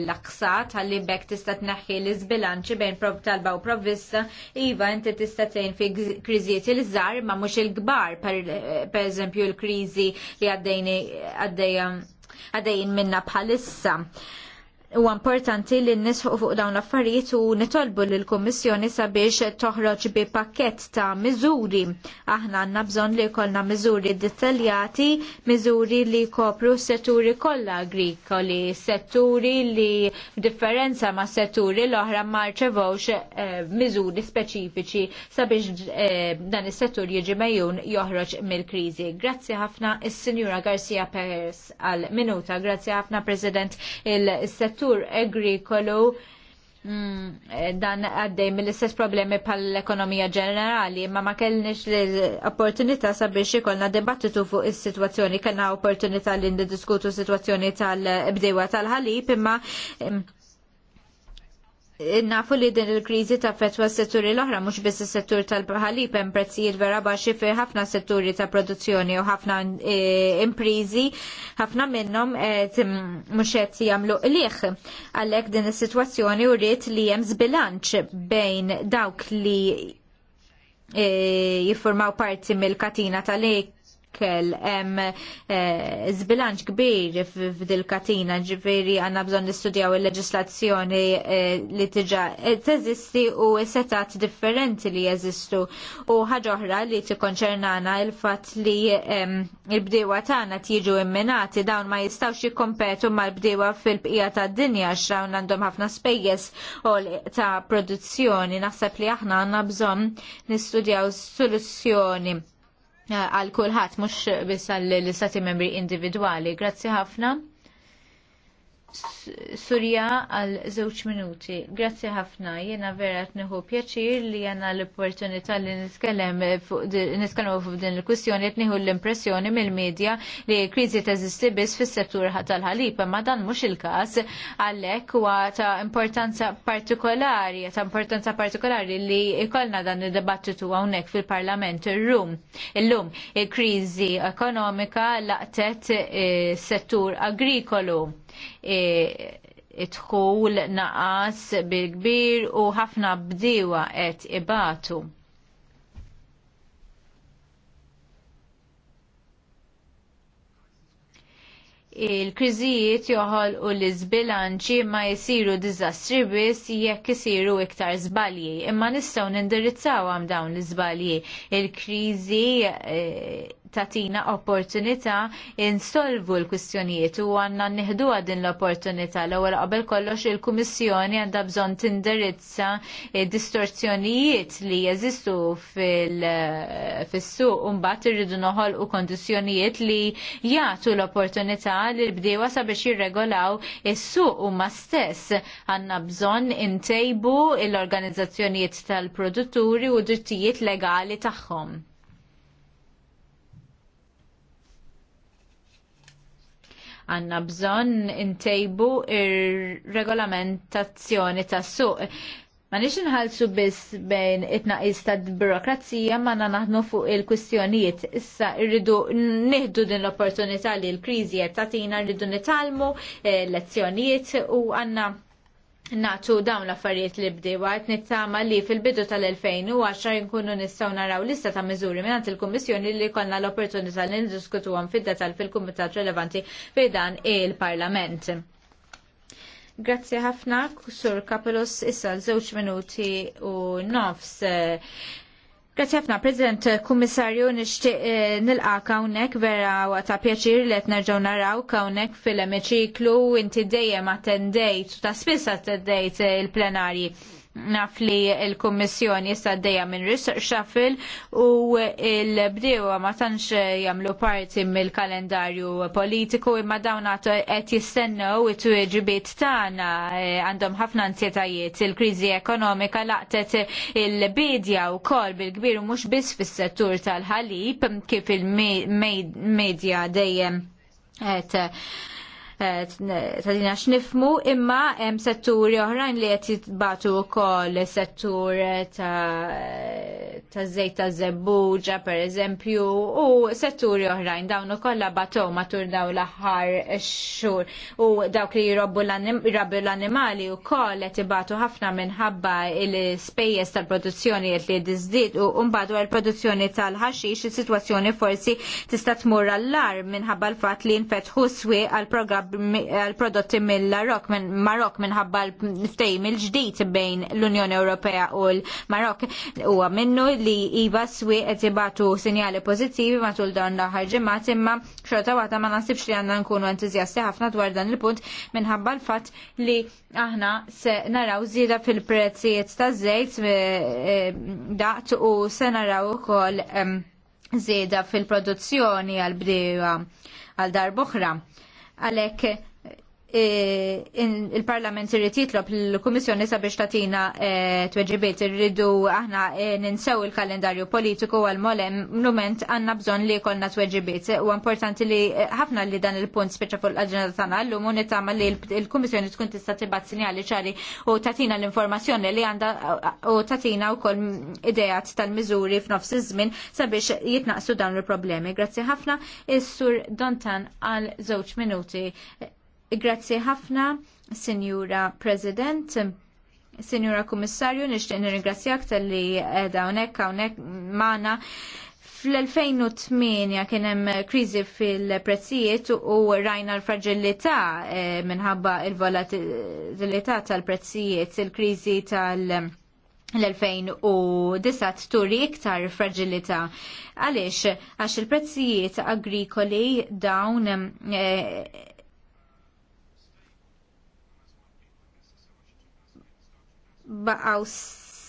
A: l-aqsa tal-li tista tneħħi l-izbilanċi bejn prob talba u provvista, iva inti tista tgħin fi kriżijiet il-żar ma mhux il-kbar, per eżempju l-kriżi li għaddejja għaddejjin minna bħalissa huwa importanti li nisħu fuq dawn l-affarijiet u nitolbu l kummissjoni sabiex toħroġ bi pakkett ta' miżuri. Aħna għandna bżonn li jkollna miżuri dettaljati, miżuri li kopru setturi kollha agrikoli, setturi li differenza ma' setturi l-oħra ma eh, miżuri speċifiċi sabiex eh, dan is-settur jiġi mejjun joħroġ mill-kriżi. Grazzi ħafna is-Sinjura Garcia Perez għal minuta, grazzi ħafna President il-settur settur agrikolu mm, dan għaddej mill-istess problemi pal ekonomija ġenerali, ma ma kellniex l-opportunità sabiex ikolna dibattitu fuq is-sitwazzjoni, kellna opportunità li ndiskutu situazzjoni tal-bdewa tal-ħalib, imma mm, Nafu li din il-krizi ta' fetwa s-setturi l-oħra, mux biss s-settur tal-ħalib, hemm prezzijiet vera baxi fi ħafna setturi ta' produzzjoni u ħafna e, imprizi, ħafna qed mm, mhux qed jagħmlu liħ. Għalhekk din is-sitwazzjoni u li hemm żbilanċ bejn dawk li e, jiffurmaw parti mill-katina tal-ek ikel hemm eh, zbilanċ kbir f'dil katina ġifieri għandna bżonn nistudjaw il-leġislazzjoni eh, li tiġa eh, teżisti u setat differenti li jeżistu u ħaġa oħra li tikkonċernana il-fatt li il-bdewa tagħna tiġu imminati dawn ma jistgħux jikkompetu mal-bdewa fil-bqija tad-dinja x'rawn għandhom ħafna spejjeż ta' produzzjoni naħseb li aħna għandna bżonn nistudjaw soluzzjoni għal kulħadd mhux biss għall istati membri individwali. Grazzi ħafna. Surja għal żewġ minuti. Grazzi ħafna, Jiena vera tniħu pjaċir li jena l-opportunità li nitkellem fuq din il-kwistjoni tniħu l-impressjoni mill-medja li kriżi teżisti biss fis-settur tal-ħalib, ma dan mhux il-każ għalhekk huwa ta' importanza partikolari, ta' importanza partikolari li jkollna dan id-dibattitu hawnhekk fil-Parlament rum Illum il-kriżi ekonomika laqtet s eh, settur agrikolu idħul naqas bil-kbir u ħafna bdiewa qed ibatu. il-kriżijiet joħolqu l izbilanċi ma jsiru diżastri biss jekk isiru iktar żbalji, imma nistgħu nindirizzaw għam dawn l iżbalji. Il-kriżi eh, tatina opportunità insolvu l-kwistjonijiet u għanna nihdu din l-opportunità l ewwel qabel kollox il-Kummissjoni għandha bżonn tindirizza distorzjonijiet li jeżistu fil-suq u mbagħad irridu noħolqu kondizzjonijiet li jagħtu l-opportunità li l-bdiewa sabiex jirregolaw is-suq huma stess għandna bżonn intejbu l-organizzazzjonijiet tal-produtturi u drittijiet legali tagħhom. Għanna bżon intejbu ir-regolamentazzjoni tas-suq. Ma nix nħalsu biss bejn it-naqis ta' burokrazija ma na naħnu fuq il-kwistjonijiet. Issa rridu nieħdu din l-opportunità li l-kriżi qed tatina rridu nitalmu eh, lezzjonijiet u għandna Naċu dawn l-affarijiet li bdewa t nittama li fil-bidu tal-2010 nkunu nistgħu naraw lista ta' miżuri mingħand il-Kummissjoni li konna l-opportunità li niddiskutuhom fid-detal fil-Kumitat relevanti fi dan il-Parlament. Grazzi ħafna, Sur Kapelos, issa żewġ minuti u nofs. Eh, Grazie ħafna, President Kummissarju, nixtieq eh, nilqa kawnek vera wa ta' pjaċir li qed nerġgħu naraw kawnek fil-emiċiklu inti dejjem attendejt, ta' spiss attendejt eh, il-plenarji naf li l-Kummissjoni issa dejja minn xafil u l-bdiewa ma tantx jagħmlu parti mill-kalendarju politiku imma dawn qed jistennew it ġibiet tagħna e, għandhom ħafna ansjetajiet il-kriżi ekonomika laqtet il-bidja wkoll bil-kbir mhux biss fis-settur tal-ħalib kif il-medja dejjem qed ta' x'nifmu imma hemm setturi oħrajn li qed jitbatu wkoll settur ta' ta' żejt ta' zebbuġa pereżempju u setturi oħrajn dawn ukoll batew matur dawn l-aħħar xhur u dawk li jirobbu l-annimali wkoll qed ibatu ħafna minħabba l-ispejjeż tal-produzzjoni li diżdied u mbagħad il-produzzjoni tal-ħaxix is-sitwazzjoni forsi tista' tmur allar minħabba l-fatt li nfetħu swieq għal programm għal-prodotti mill-Marok minn Marok minħabba l-ftejm il-ġdid bejn l-Unjoni Ewropea u l-Marok huwa minnu li iva swi qed ibatu sinjali pożittivi matul dawn l-aħħar ġimgħat imma xorta waħda ma nasibx li għandna nkunu entużjasti ħafna dwar dan il-punt minħabba l-fatt li aħna se naraw zida fil-prezzijiet taż-żejt eh, eh, daqt u se naraw ukoll ehm, żieda fil-produzzjoni għal-bdiewa għal darboħra għalhekk E, il-Parlament irrid jitlob l-Kummissjoni sabiex tatina e, tweġibiet irridu aħna e, ninsew il-kalendarju politiku għal molem moment għandna bżonn li jkollna tweġibiet. U importanti li ħafna li dan il-punt speċa fuq l-aġenda tagħna llum u nitama li l-Kummissjoni tkun tista' tibgħat sinjali ċari u tatina l-informazzjoni li għandha u tatina wkoll ideat tal-miżuri f'nofs iż-żmien sabiex jitnaqsu dawn il-problemi. Grazzi ħafna is-Sur Dontan għal żewġ minuti. Grazzi ħafna, Sinjura President. Sinjura Kummissarju, nixtieq nirringrazzjak tal-li edha hawnhekk unek, magħna. Fl-2008 kien hemm kriżi fil-prezzijiet u rajna l-fragilità eh, minħabba l volatilità tal-prezzijiet, il-kriżi tal- l-2009 turi iktar fragilità. Għaliex, għax il-prezzijiet agrikoli dawn eh, baqgħu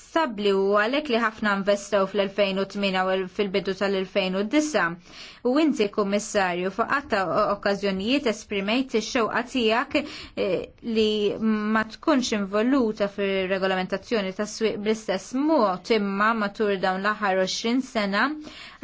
A: stabli u għalhekk li ħafna investew fl-2008 u fil-bidu tal-2009. U inti kummissarju faqatta okkażjonijiet esprimejt ix-xewqa tiegħek eh, li ma tkunx involuta fir-regolamentazzjoni tas-swieq bl-istess mod imma matul dawn l-aħħar 20 sena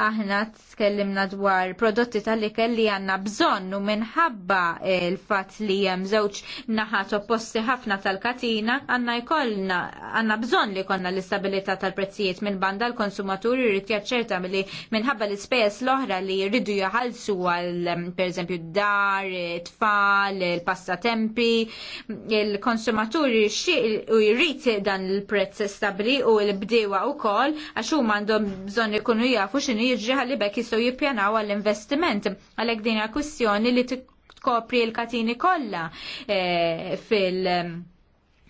A: aħna tkellimna dwar prodotti tal-ikel li għanna bżonn u minħabba il-fat li hemm żewġ naħat opposti ħafna tal-katina għanna jkollna għanna bżonn li konna l-istabilità tal-prezzijiet minn banda l-konsumatur jrid jaċċerta li minħabba l-ispejjeż l-oħra li jridu jaħalsu għal pereżempju dar, tfal, il-passatempi, il-konsumatur jrid dan il-prezz stabbli u l-bdewa wkoll għax huma għandhom bżonn ikunu jafu x'inhi l-istituzzjoni li bekk jistgħu jippjanaw għall-investiment. Għalhekk din hija kwistjoni li tkopri l-katini kollha eh, fil- eh,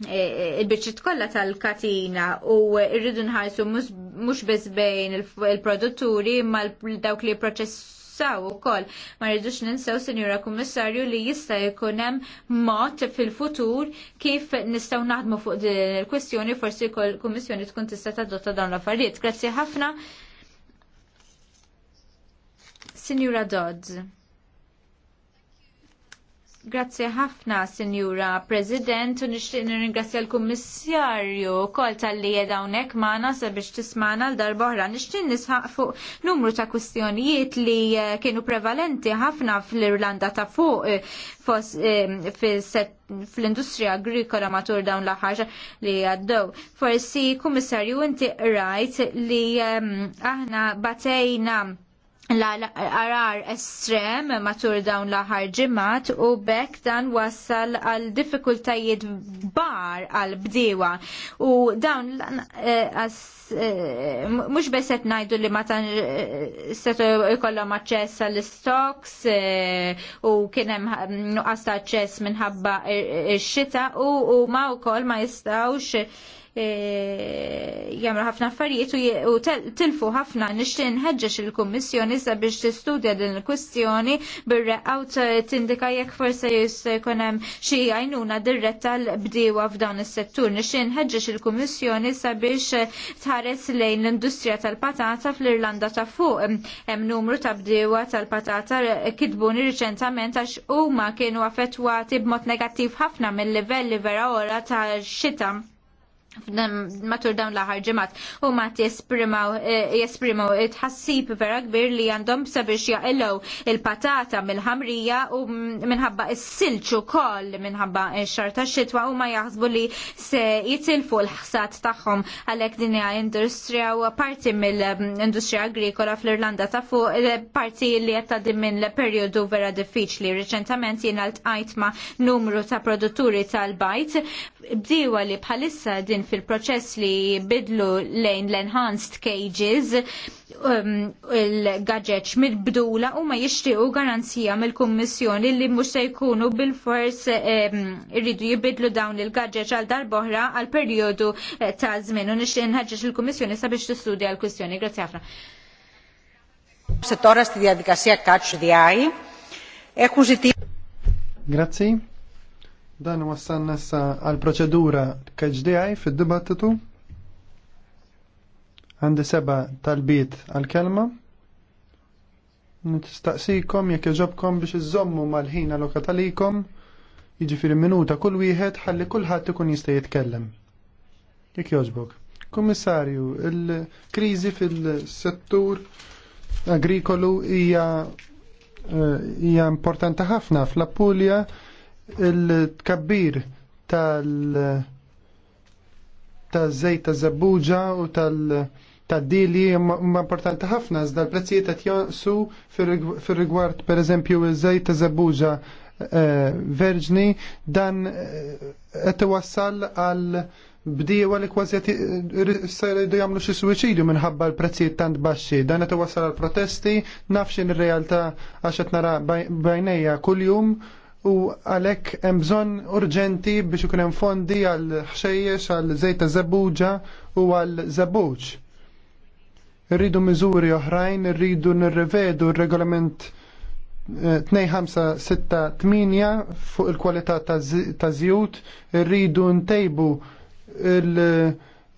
A: eh, il biċċiet kollha tal-katina u rridu nħarsu mhux biss bejn il-produtturi ma dawk li proċessaw ukoll. Ma rridux ninsew, Sinjura Kummissarju, li jista' jkun hemm mod fil-futur kif nistgħu naħdmu fuq din il-kwestjoni forsi kummissjoni tkun tista' tadotta dawn l-affarijiet. Grazzi ħafna. Signora Dodds. Grazie ħafna, Sinjura President, u nixtieq nirringrazzja l-Kummissarju wkoll tal-li jeda hawnhekk magħna sabiex tismana l darba oħra. Nixtieq nisħaq fuq numru ta' kwistjonijiet li eh, kienu prevalenti ħafna fl-Irlanda ta' fuq eh, eh, fl-industrija agrikola matur dawn l-aħħar li għaddew. Forsi, Kummissarju, inti rajt li ehm, aħna batejna l-arar estrem matul dawn l-aħħar ġimgħat u bekk dan wassal għal diffikultajiet bar għal bdiewa u dawn eh, eh, mhux biss qed ngħidu li ma tan eh, setu jkollhom aċċess għall stocks u kien hemm nuqqas ta' aċċess minħabba x-xita u huma wkoll ma jistgħux E, jagħmlu ħafna affarijiet u tilfu ħafna nixtieq nħeġġeġ il-Kummissjoni sabiex tistudja din il-kwistjoni birre reqgħa tindika jekk forse jista' jkun hemm xi għajnuna diretta l-bdiewa f'dan is-settur. Nixtieq ħeġġeġ il-Kummissjoni sabiex e, tħares lejn l-industrija tal-patata fl-Irlanda ta' fuq. Hemm numru ta' bdiewa tal-patata kitbuni riċentament għax huma kienu affettwati b'mod negattiv ħafna mill-livelli vera ora ta' xita matur dawn l-aħħar ġemat u mat jesprimaw eh, tħassib vera kbir li għandhom sabiex jaqilgħu il-patata mill-ħamrija u minħabba s-silċu kol minħabba xarta xitwa u ma jaħsbu li se jitilfu l-ħsat tagħhom għalhekk din hija industrija u parti mill-industrija agrikola fl-Irlanda ta' fuq eh, parti li qed tgħaddi minn perjodu vera diffiċli. Riċentament jiena ltqajt ma' numru ta' produtturi tal-bajt bdiewa li bħalissa din fil-proċess li bidlu lejn l-enhanced cages um, il-gadget mid-bdula u ma jixtiequ garanzija mill-Kummissjoni li mhux se jkunu bil-fors um, irridu jibidlu dawn il-gadget għal darboħra għal periodu eh, ta' żmien u nixtieq inħaġġeġ il-Kummissjoni sabiex tistudja l-kwistjoni. Grazie ħafna. Se sti diadikasija kaċ di
B: Grazie. Dan wassalna issa għal proċedura KHDI fil dibattitu Għandi seba talbiet għal kelma. Nistaqsikom jekk iġobkom biex iżommu mal-ħin allokat għalikom. Jiġifieri minuta kull wieħed ħalli kulħadd ikun jista' jitkellem. Jekk jogħġbok. Kummissarju, il-kriżi fil-settur agrikolu hija eh, hija importanti ħafna fl-Appulja il-tkabbir tal- tal-żejt ta' zabbuġa u tal- tad-dili ma importanti ħafna iżda l-prezzijiet qed jonqsu fir-rigward pereżempju ż żejt ta' zabbuġa eh, verġni dan eh, qed iwassal għal bdiewa li kważi jridu jagħmlu xi suwiċidju minħabba l-prezzijiet tant baxxi. Dan qed iwassal għal protesti, nafx in ir-realtà għax qed nara bajnejja kuljum u għalhekk hemm bżonn urġenti biex ikun hemm fondi għal ħxejjex għal zejta zabuġa u għal zabuġ. Irridu miżuri oħrajn, irridu nirrivedu r-regolament 2568 eh, fuq il-kwalità ta' zjut, irridu ntejbu eh,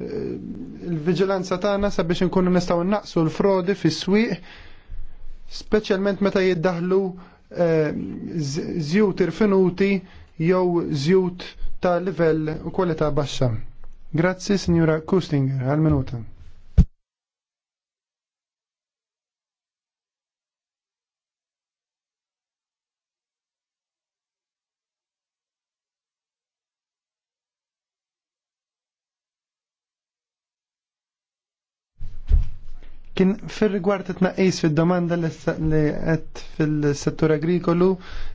B: il-vigilanza tagħna sabiex inkunu nistgħu naqsu l-frodi fis-swieq, speċjalment meta jiddaħlu Eh, zjut irfinuti jew zjut ta' livell u kwalità baxxa. Grazzi, Signora Kustinger, għal-minuta. kien fil-rigward it-naqis fil-domanda li għed fil-settur agrikolu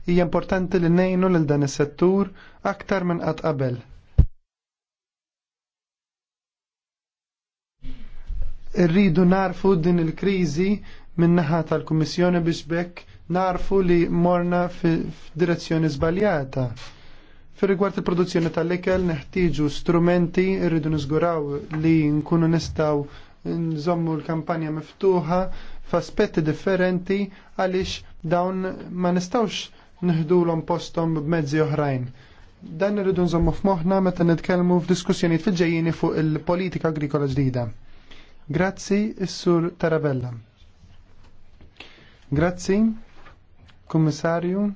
B: hija importanti li nejnu l dan is-settur aktar minn qatt qabel. Irridu narfu din il-kriżi minn naħa tal-Kummissjoni biex bekk narfu li morna f'direzzjoni żbaljata. Fir-rigward il-produzzjoni tal-ikel neħtieġu strumenti rridu niżguraw li nkunu nistgħu nżommu l-kampanja miftuħa f'aspetti differenti għaliex dawn ma nistawx nħdulhom posthom b'mezzi oħrajn. Dan irridu nżommu f'moħħna meta nitkellmu f'diskussjonijiet fil-ġejjini fuq il-politika agrikola ġdida. Grazzi, Issur sur Tarabella. Grazzi, Kummissarju.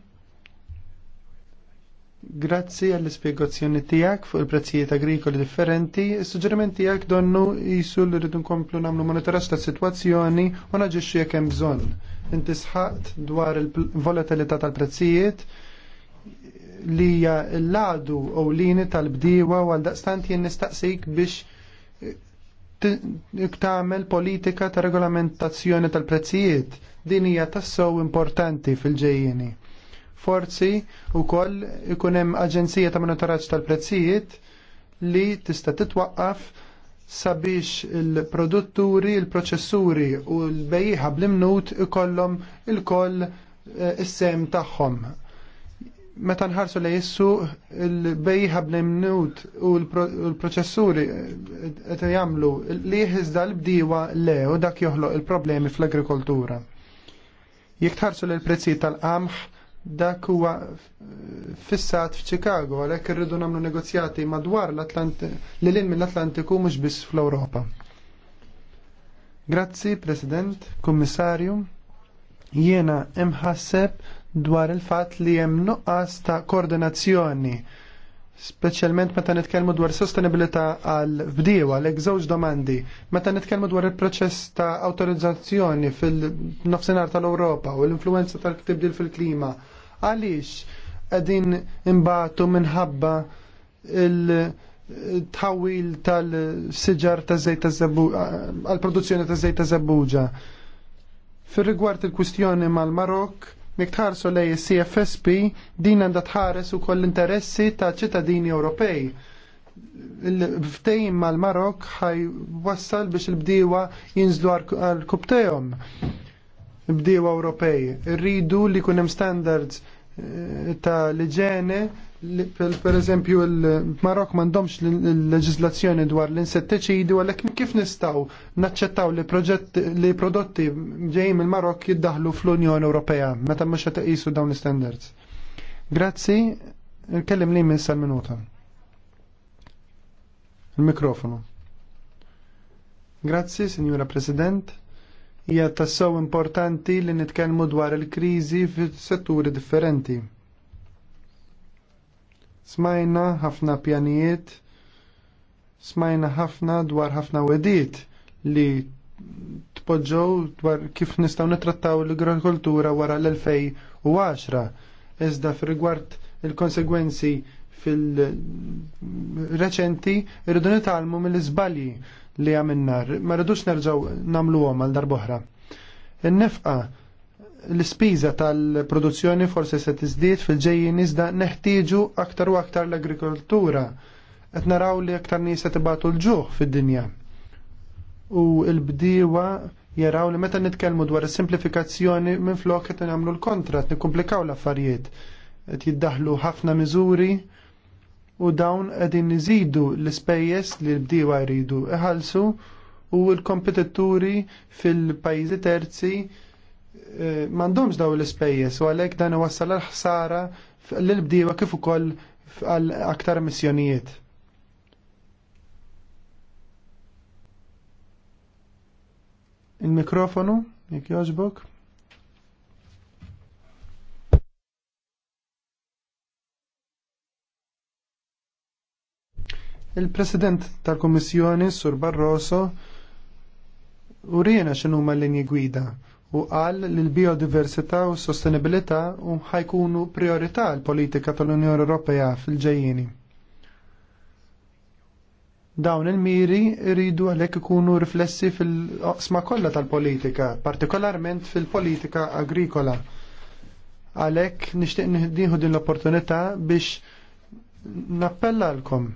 B: Grazzi għall spiegazzjoni tijak fuq il-prezzijiet agrikoli differenti, il-sugġeriment tijak donnu jisu li rridu nkomplu namlu monitorax ta' situazzjoni u naġixxu jekk hemm bżonn. Inti sħaqt dwar il-volatilità tal-prezzijiet li hija l-ladu u lini tal-bdiewa u għal-daqstant jien nistaqsik biex tagħmel politika ta' regolamentazzjoni tal-prezzijiet. Din hija tassew importanti fil ġejjeni forzi wkoll ikun hemm aġenzija ta' monitoraġġ tal-prezzijiet li tista' titwaqqaf sabiex il-produtturi, il-proċessuri u l-bejħa bl-imnut ikollhom il-koll eh, is-sem tagħhom meta nħarsu li jissu il-bejħa bl-imnut u l-proċessuri eh, qed jagħmlu li jihizda l-bdiewa le u dak joħloq il-problemi fl-agrikoltura. Jekk tħarsu li l prezzijiet tal-qamħ dak huwa fissat f'Chicago għalhekk irridu nagħmlu negozjati madwar l-Atlantiku lil mill-Atlantiku mhux biss fl-Ewropa. Grazzi, President, Kummissarju. Jiena imħasseb dwar il-fatt li hemm nuqqas ta' koordinazzjoni Speċjalment meta nitkellmu dwar sostenibilità għal bdiewa għalhekk żewġ domandi. Meta nitkellmu dwar il-proċess ta' awtorizzazzjoni fil-nofsinhar tal-Ewropa u l-influenza tal ktibdil fil-klima Għaliex qegħdin imbatu minħabba il tawil tal-siġar ta' żejt ta' zabuġa, għal-produzzjoni ta' żejt ta' zabuġa. Fir-rigward il-kwistjoni mal-Marok, jekk tħarsu lej CFSP din għandha tħares ukoll l-interessi ta' ċittadini Ewropej. Il-ftejn mal-Marok ħaj wassal biex il bdiwa jinżlu għal-kubtejhom bdiewa Ewropej. Rridu li jkun hemm standards eh, ta' l per eżempju il-Marok mandomx l-leġizlazzjoni dwar l-insetteċidi, għalek kif nistaw naċċettaw li, li prodotti ġejjin il-Marok jiddaħlu fl-Unjoni Ewropea, meta mux jisu dawn l-standards. Grazzi, kellim li minn sal-minuta. Il-mikrofonu. Grazzi, Signora President hija tassew importanti li nitkellmu dwar il-kriżi fis-setturi differenti. Smajna ħafna pjanijiet, smajna ħafna dwar ħafna wedijiet li tpoġġew dwar kif nistgħu nittrattaw l-agrikoltura wara l-2010. Iżda f'rigward il-konsegwenzi fil-reċenti irridu nitalmu mill-iżbalji li nar ma rridux nerġaw għom għal darboħra. In-nefqa l-spiża tal-produzzjoni forse se tiżdied fil-ġejjin iżda neħtieġu aktar u aktar l-agrikoltura. Qed naraw li aktar nies qed ibatu l-ġuħ fid-dinja. U l-bdiewa jaraw li meta nitkellmu dwar is-simplifikazzjoni minn flok qed nagħmlu l kontrat nikkumplikaw l-affarijiet. Qed jiddaħlu ħafna miżuri u dawn qegħdin iżidu l-ispejjeż li l-bdiewa jridu iħallsu u l-kompetituri fil-pajjiżi terzi eh, m'għandhomx daw l-ispejjeż u għalhekk dan iwassal l-ħsara lill-bdiewa kif ukoll għal aktar missjonijiet. Il-mikrofonu, jekk jogħġbok. Il-President tal-Kommissjoni, Sur Barroso, u rjena x'inhuma l-linji gwida u qal li l-biodiversità u s-sostenibilità u ħajkunu priorità l-politika tal-Unjoni Ewropea fil-ġejjini. Dawn il-miri rridu għalhekk ikunu riflessi fil-qsma kollha tal-politika, partikolarment fil-politika agrikola. Għalhekk nixtieq nieħdu din l-opportunità biex nappellalkom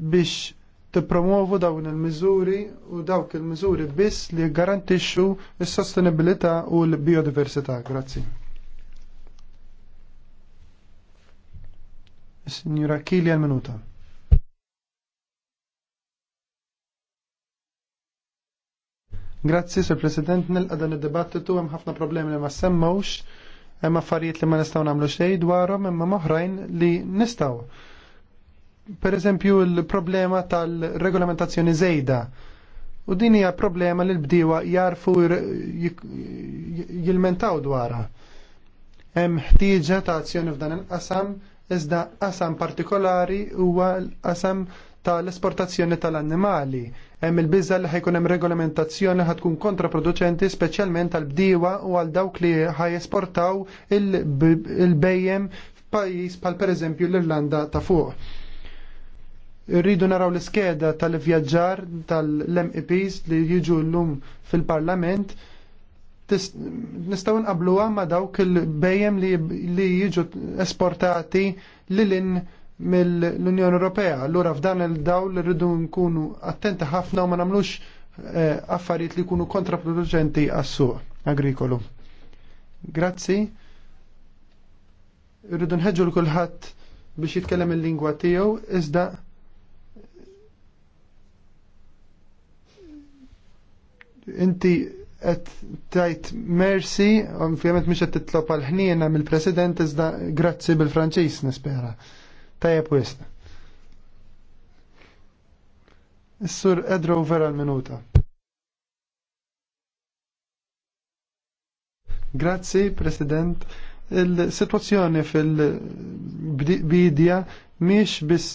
B: biex tippromovu dawn il-miżuri u dawk il-miżuri biss li garantixxu s-sostenibilità u l-biodiversità. Grazzi. Signora Kili al minuta. Grazzi, Sir President, nilqa dan id-dibattitu hemm ħafna problemi li ma semmawx, hemm affarijiet li ma nistgħu nagħmlu xejn dwarhom imma moħrajn li nistgħu per eżempju il-problema tal-regolamentazzjoni zejda. U din hija problema li l-bdiewa jarfu jilmentaw dwarha. Hemm ħtieġa ta' azzjoni f'dan il-qasam iżda qasam partikolari huwa l-qasam tal-esportazzjoni tal-annimali. Hemm il-biża li ħajkun hemm regolamentazzjoni ħatkun kontraproduċenti speċjalment għal-bdiewa u għal dawk li ħajesportaw il-bejjem f'pajjiż bħal pereżempju l-Irlanda ta' fuq Irridu naraw l-iskeda tal-vjaġġar tal-MEPs li jiġu l-lum fil-parlament nistaw nqabluha ma dawk il-bejjem li jiġu esportati lilin mill-Unjoni Ewropea. Allura f'dan il-dawl rridu nkunu attenti ħafna u ma nagħmlux eh, affarijiet li jkunu kontraproducenti għas-suq agrikolu. Grazzi. Rridu nħeġġu l kulħadd biex jitkellem il-lingwa tiegħu iżda inti qed tajt mersi, ovvjament mhux qed titlob għal ħniena mill-President iżda grazzi bil-Franċiż nispera. Tajjeb wisna. Is-sur Edro vera l-minuta. Grazzi, President. Il-situazzjoni fil-bidja miex bis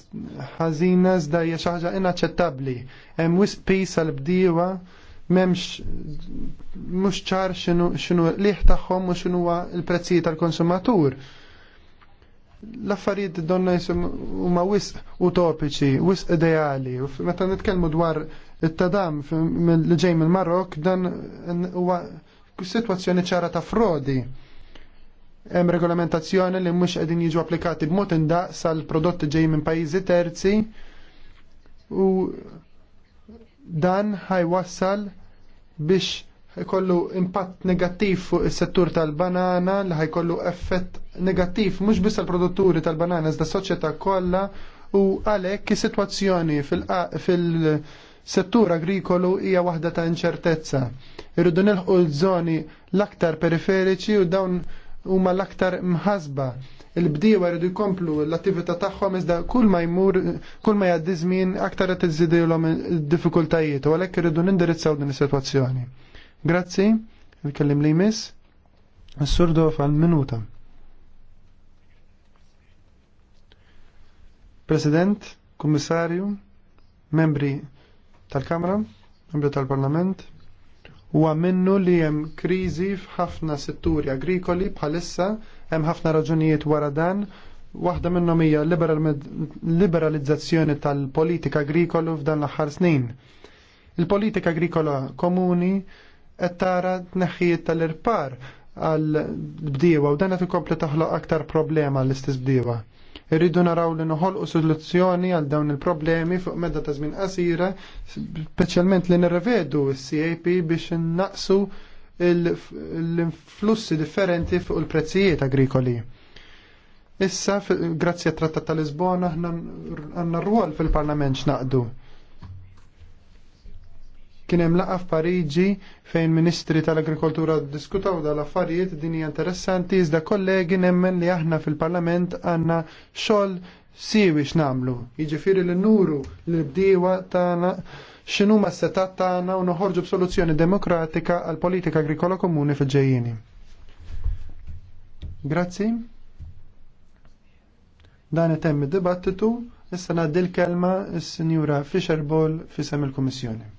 B: ħażina żdajja xi ħaġa inaċċettabbli. Hemm wisq pis għal-bdiewa memx mux ċar xinu liħ taħħom u xinu il-prezzijiet tal-konsumatur. L-affarijiet donna jisum u ma wisq utopiċi, wisq ideali. Meta nitkellmu dwar it-tadam li ġej mill marok dan huwa situazzjoni ċara ta' frodi. Hemm regolamentazzjoni li mhux qegħdin jiġu applikati b'mod indaqs sal prodotti ġej minn pajjiżi terzi u dan ħajwassal biex ħajkollu impatt negattiv fuq is-settur tal-banana li ħajkollu effett negattiv mhux biss għall-produtturi tal-banana iżda soċjetà kollha u għalhekk is-sitwazzjoni fil-settur agrikolu hija waħda ta' inċertezza. Irridu nilħu l-żoni l-aktar periferiċi u dawn huma l-aktar mħasba il-bdiewa jridu jkomplu l-attività tagħhom iżda kull ma jmur kull ma jgħaddi żmien aktar qed iżidilhom id-diffikultajiet u għalhekk irridu nindirizzaw din is-sitwazzjoni. Grazzi, il-kellim li jmiss. Assurdo għal minuta. President, Kummissarju, membri tal-Kamra, membri tal-Parlament, Huwa minnu li hemm kriżi f'ħafna setturi agrikoli bħalissa hemm ħafna raġunijiet wara dan waħda minnhom hija liberalizzazzjoni tal-politika agrikolu f'dan l-aħħar snin. Il-politika agrikola komuni qed tara tneħħijiet tal-irpar għal bdiewa u dan qed ikompli taħloq aktar problema l-istess bdiewa. Irridu naraw li noħolqu soluzzjoni għal dawn il-problemi fuq medda ta' żmien qasira, speċjalment li nirrevedu s-CAP biex naqsu l-influssi differenti fuq il-prezzijiet agrikoli. Issa, grazzi għat-Trattat tal-Lisbona, għanna rwol fil-Parlament x'naqdu Kien hemm laqgħa f'Pariġi fejn ministri tal-Agrikoltura diskutaw dal-affarijiet din hija interessanti iżda kollegi nemmen li aħna fil-Parlament għandna xogħol siwi x'namlu. Jiġifieri li nuru l-bdiewa tagħna x'inhu s setat tagħna u noħorġu b'soluzzjoni demokratika għal politika agrikola komuni fil-ġejjieni. Grazzi. Dan id dibattitu, issa ngħaddi l-kelma s-Sinjura Fisher Ball fisem il-Kummissjoni.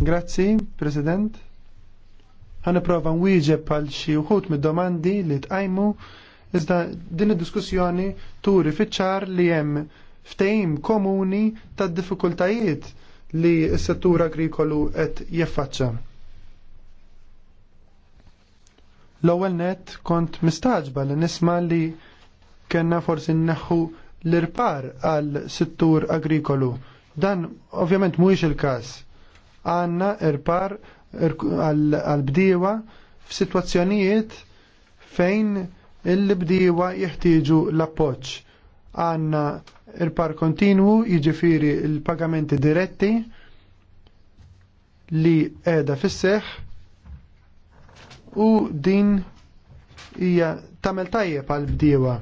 B: Grazzi, President. Għan prova nwieġeb għal xi wħud mid-domandi li tqajmu iżda din id-diskussjoni turi fiċċar li hemm ftejim komuni tad diffikultajiet li s-settur agrikolu qed jeffaċċa. L-ewwel net kont mistaġba li nisma' li kellna forsi nneħħu l-irpar għal settur agrikolu. Dan ovvjament mhuwiex il-każ għanna irpar għal-bdiewa f'sitwazzjonijiet fejn il-bdiewa jeħtieġu l-appoġġ. Għanna irpar kontinu jiġifieri l-pagamenti diretti li qiegħda fis u din hija tagħmel tajjeb għal-bdiewa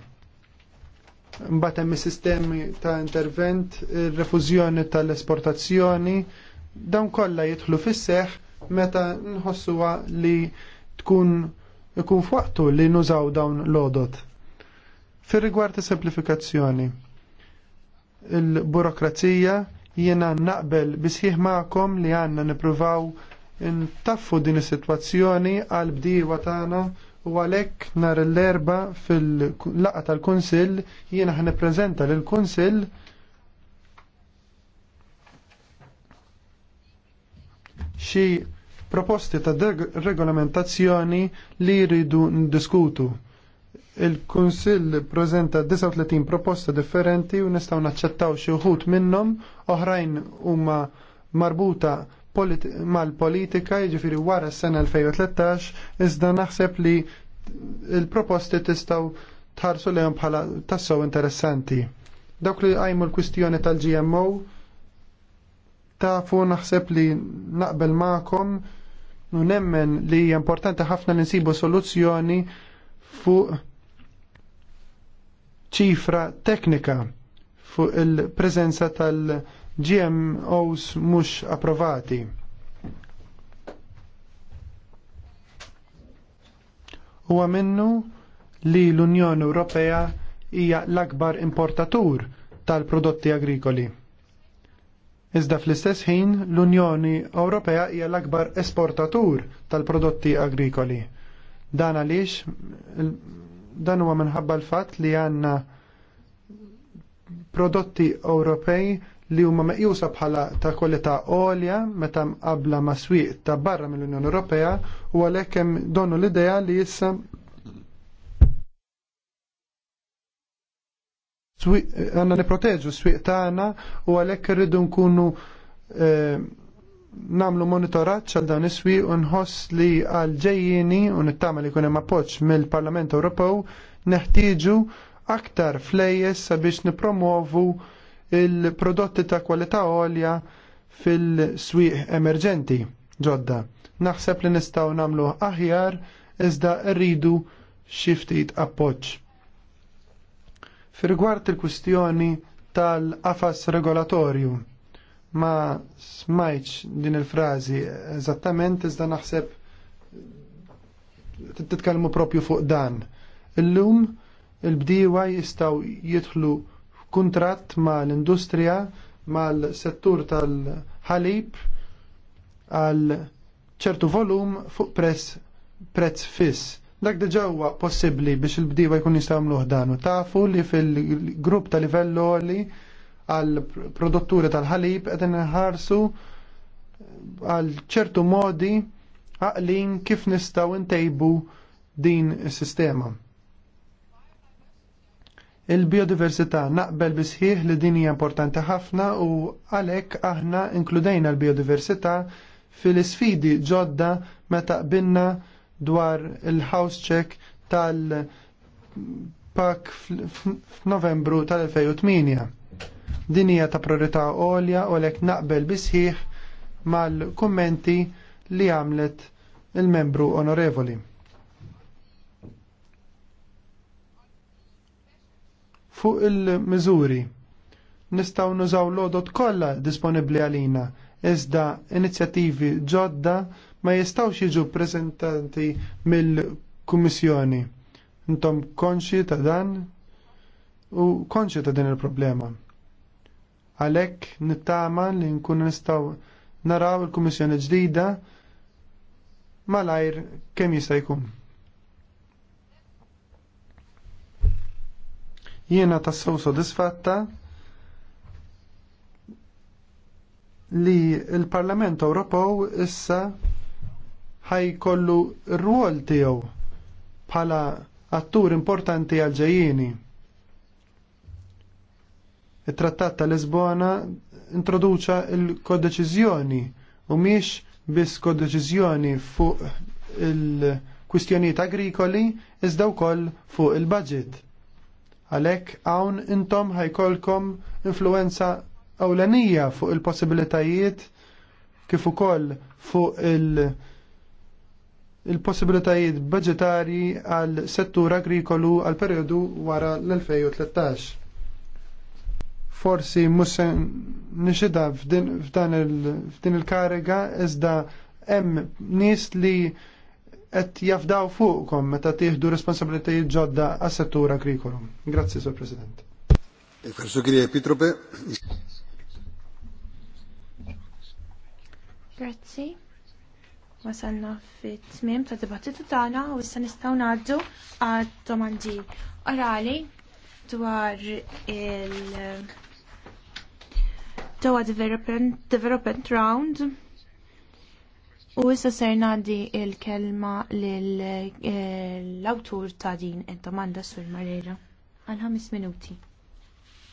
B: mbagħad hemm is-sistemi ta' intervent, ir-refużjoni tal-esportazzjoni, dawn kollha jidħlu fis seħħ meta nħossuha li tkun ikun fuqtu li nużaw dawn l-odot. Fir rigward semplifikazzjoni, il-burokrazija jiena naqbel bisħiħ magħkom li għanna nipruvaw ntaffu din is-sitwazzjoni għal bdiewa tagħna u għalhekk nhar l-erba fil-laqa tal-Kunsill jiena nippreżenta lill-Kunsill xi proposti ta' regolamentazzjoni li jridu ndiskutu. Il-Kunsill preżenta 39 proposta differenti u nistgħu naċċettaw xi wħud minnhom, oħrajn huma marbuta mal-politika, jiġifieri wara s-sena 2013, iżda naħseb li il-proposti tistgħu tħarsu lejhom bħala tassew interessanti. Dawk li għajmu l-kwistjoni tal-GMO tafu naħseb li naqbel ma'kom u nemmen li importanti ħafna li nsibu soluzzjoni fuq ċifra teknika fuq il-prezenza tal-GMOs mhux approvati. Huwa minnu li l-Unjoni Ewropea hija l-akbar importatur tal-prodotti agrikoli Iżda fl-istess ħin l-Unjoni Ewropea hija l-akbar esportatur tal-prodotti agrikoli. Dan għaliex dan huwa minħabba l-fatt li għandna prodotti Ewropej li huma meqjusa bħala ta' kwalità għolja meta qabla ma' swieq ta' barra mill-Unjoni Ewropea u għalhekk hemm donnu l-idea li issa għanna niproteġu s-swiq tagħna u għalhekk irridu nkunu e, namlu monitoraġġ għal dan is-swieq u nħoss li għal ġejjini u nittama li jkun hemm appoġġ mill-Parlament Ewropew neħtieġu aktar flejjes sabiex nipromovu il-prodotti ta' kwalità għolja fil-swieq emerġenti ġodda. Naħseb li nistgħu nagħmlu aħjar iżda rridu xi ftit appoġġ. Firgward il kustjoni tal-qafas regolatorju, ma smajċ din il-frazi eżattament iżda naħseb titkellmu propju fuq dan. Illum il bdiwa jistaw jidħlu f'kuntratt ma l-industrija, ma l-settur tal-ħalib għal ċertu volum fuq prezz prezz fiss Dak diġa huwa possibbli biex il-bdiewa jkun jistgħu dan u tafu li fil-grupp ta' livell li għal produtturi tal-ħalib qed inħarsu għal ċertu modi għaqlin kif nistgħu ntejbu din is-sistema il-biodiversità naqbel bisħieħ li din hija importanti ħafna u għalhekk aħna inkludejna l-biodiversità fil isfidi ġodda meta qbilna dwar il-house check tal-pak f'Novembru tal-2008. Din hija ta' priorità għolja u lek naqbel bisħiħ mal-kummenti li għamlet il-membru onorevoli. Fuq il-miżuri nistaw nużaw lodot kolla kollha disponibbli għalina iżda inizjattivi ġodda ma jistawx jiġu prezentanti mill-Kummissjoni. Intom konxi ta' dan u konxi ta' din il-problema. Għalek nittama li nkun nistaw naraw il-Kummissjoni ġdida malajr kemm jista' jkun. jiena tassew sodisfatta li il-Parlament Ewropew issa ħajkollu r ruol tiegħu bħala attur importanti għal ġejjini. Il-Trattat tal Lisbona introduċa il-kodeċiżjoni u miex biss kodeċiżjoni fuq il-kwistjonijiet agrikoli iżda wkoll fuq il-budget. Għalhekk hawn intom ħajkolkom influenza ewlenija fuq il-possibilitajiet kif ukoll fuq il-, -possibilitajiet, il-possibilitajiet budgetari għal settur agrikolu għal periodu wara l-2013. Forsi musse nixida f'din il-kariga iżda hemm nies li qed jafdaw fuqkom meta tieħdu responsabilitajiet ġodda għas settur agrikolu. Grazzi, Sur President.
C: Grazzi. Wasalna fit-tmim ta' dibattitu tagħna u issa nistgħu ngħaddu għad domandi orali dwar il- Tawa development, development round u issa ser ngħaddi il-kelma lill-awtur eh, ta' din id-domanda sur Marera għal ħames minuti.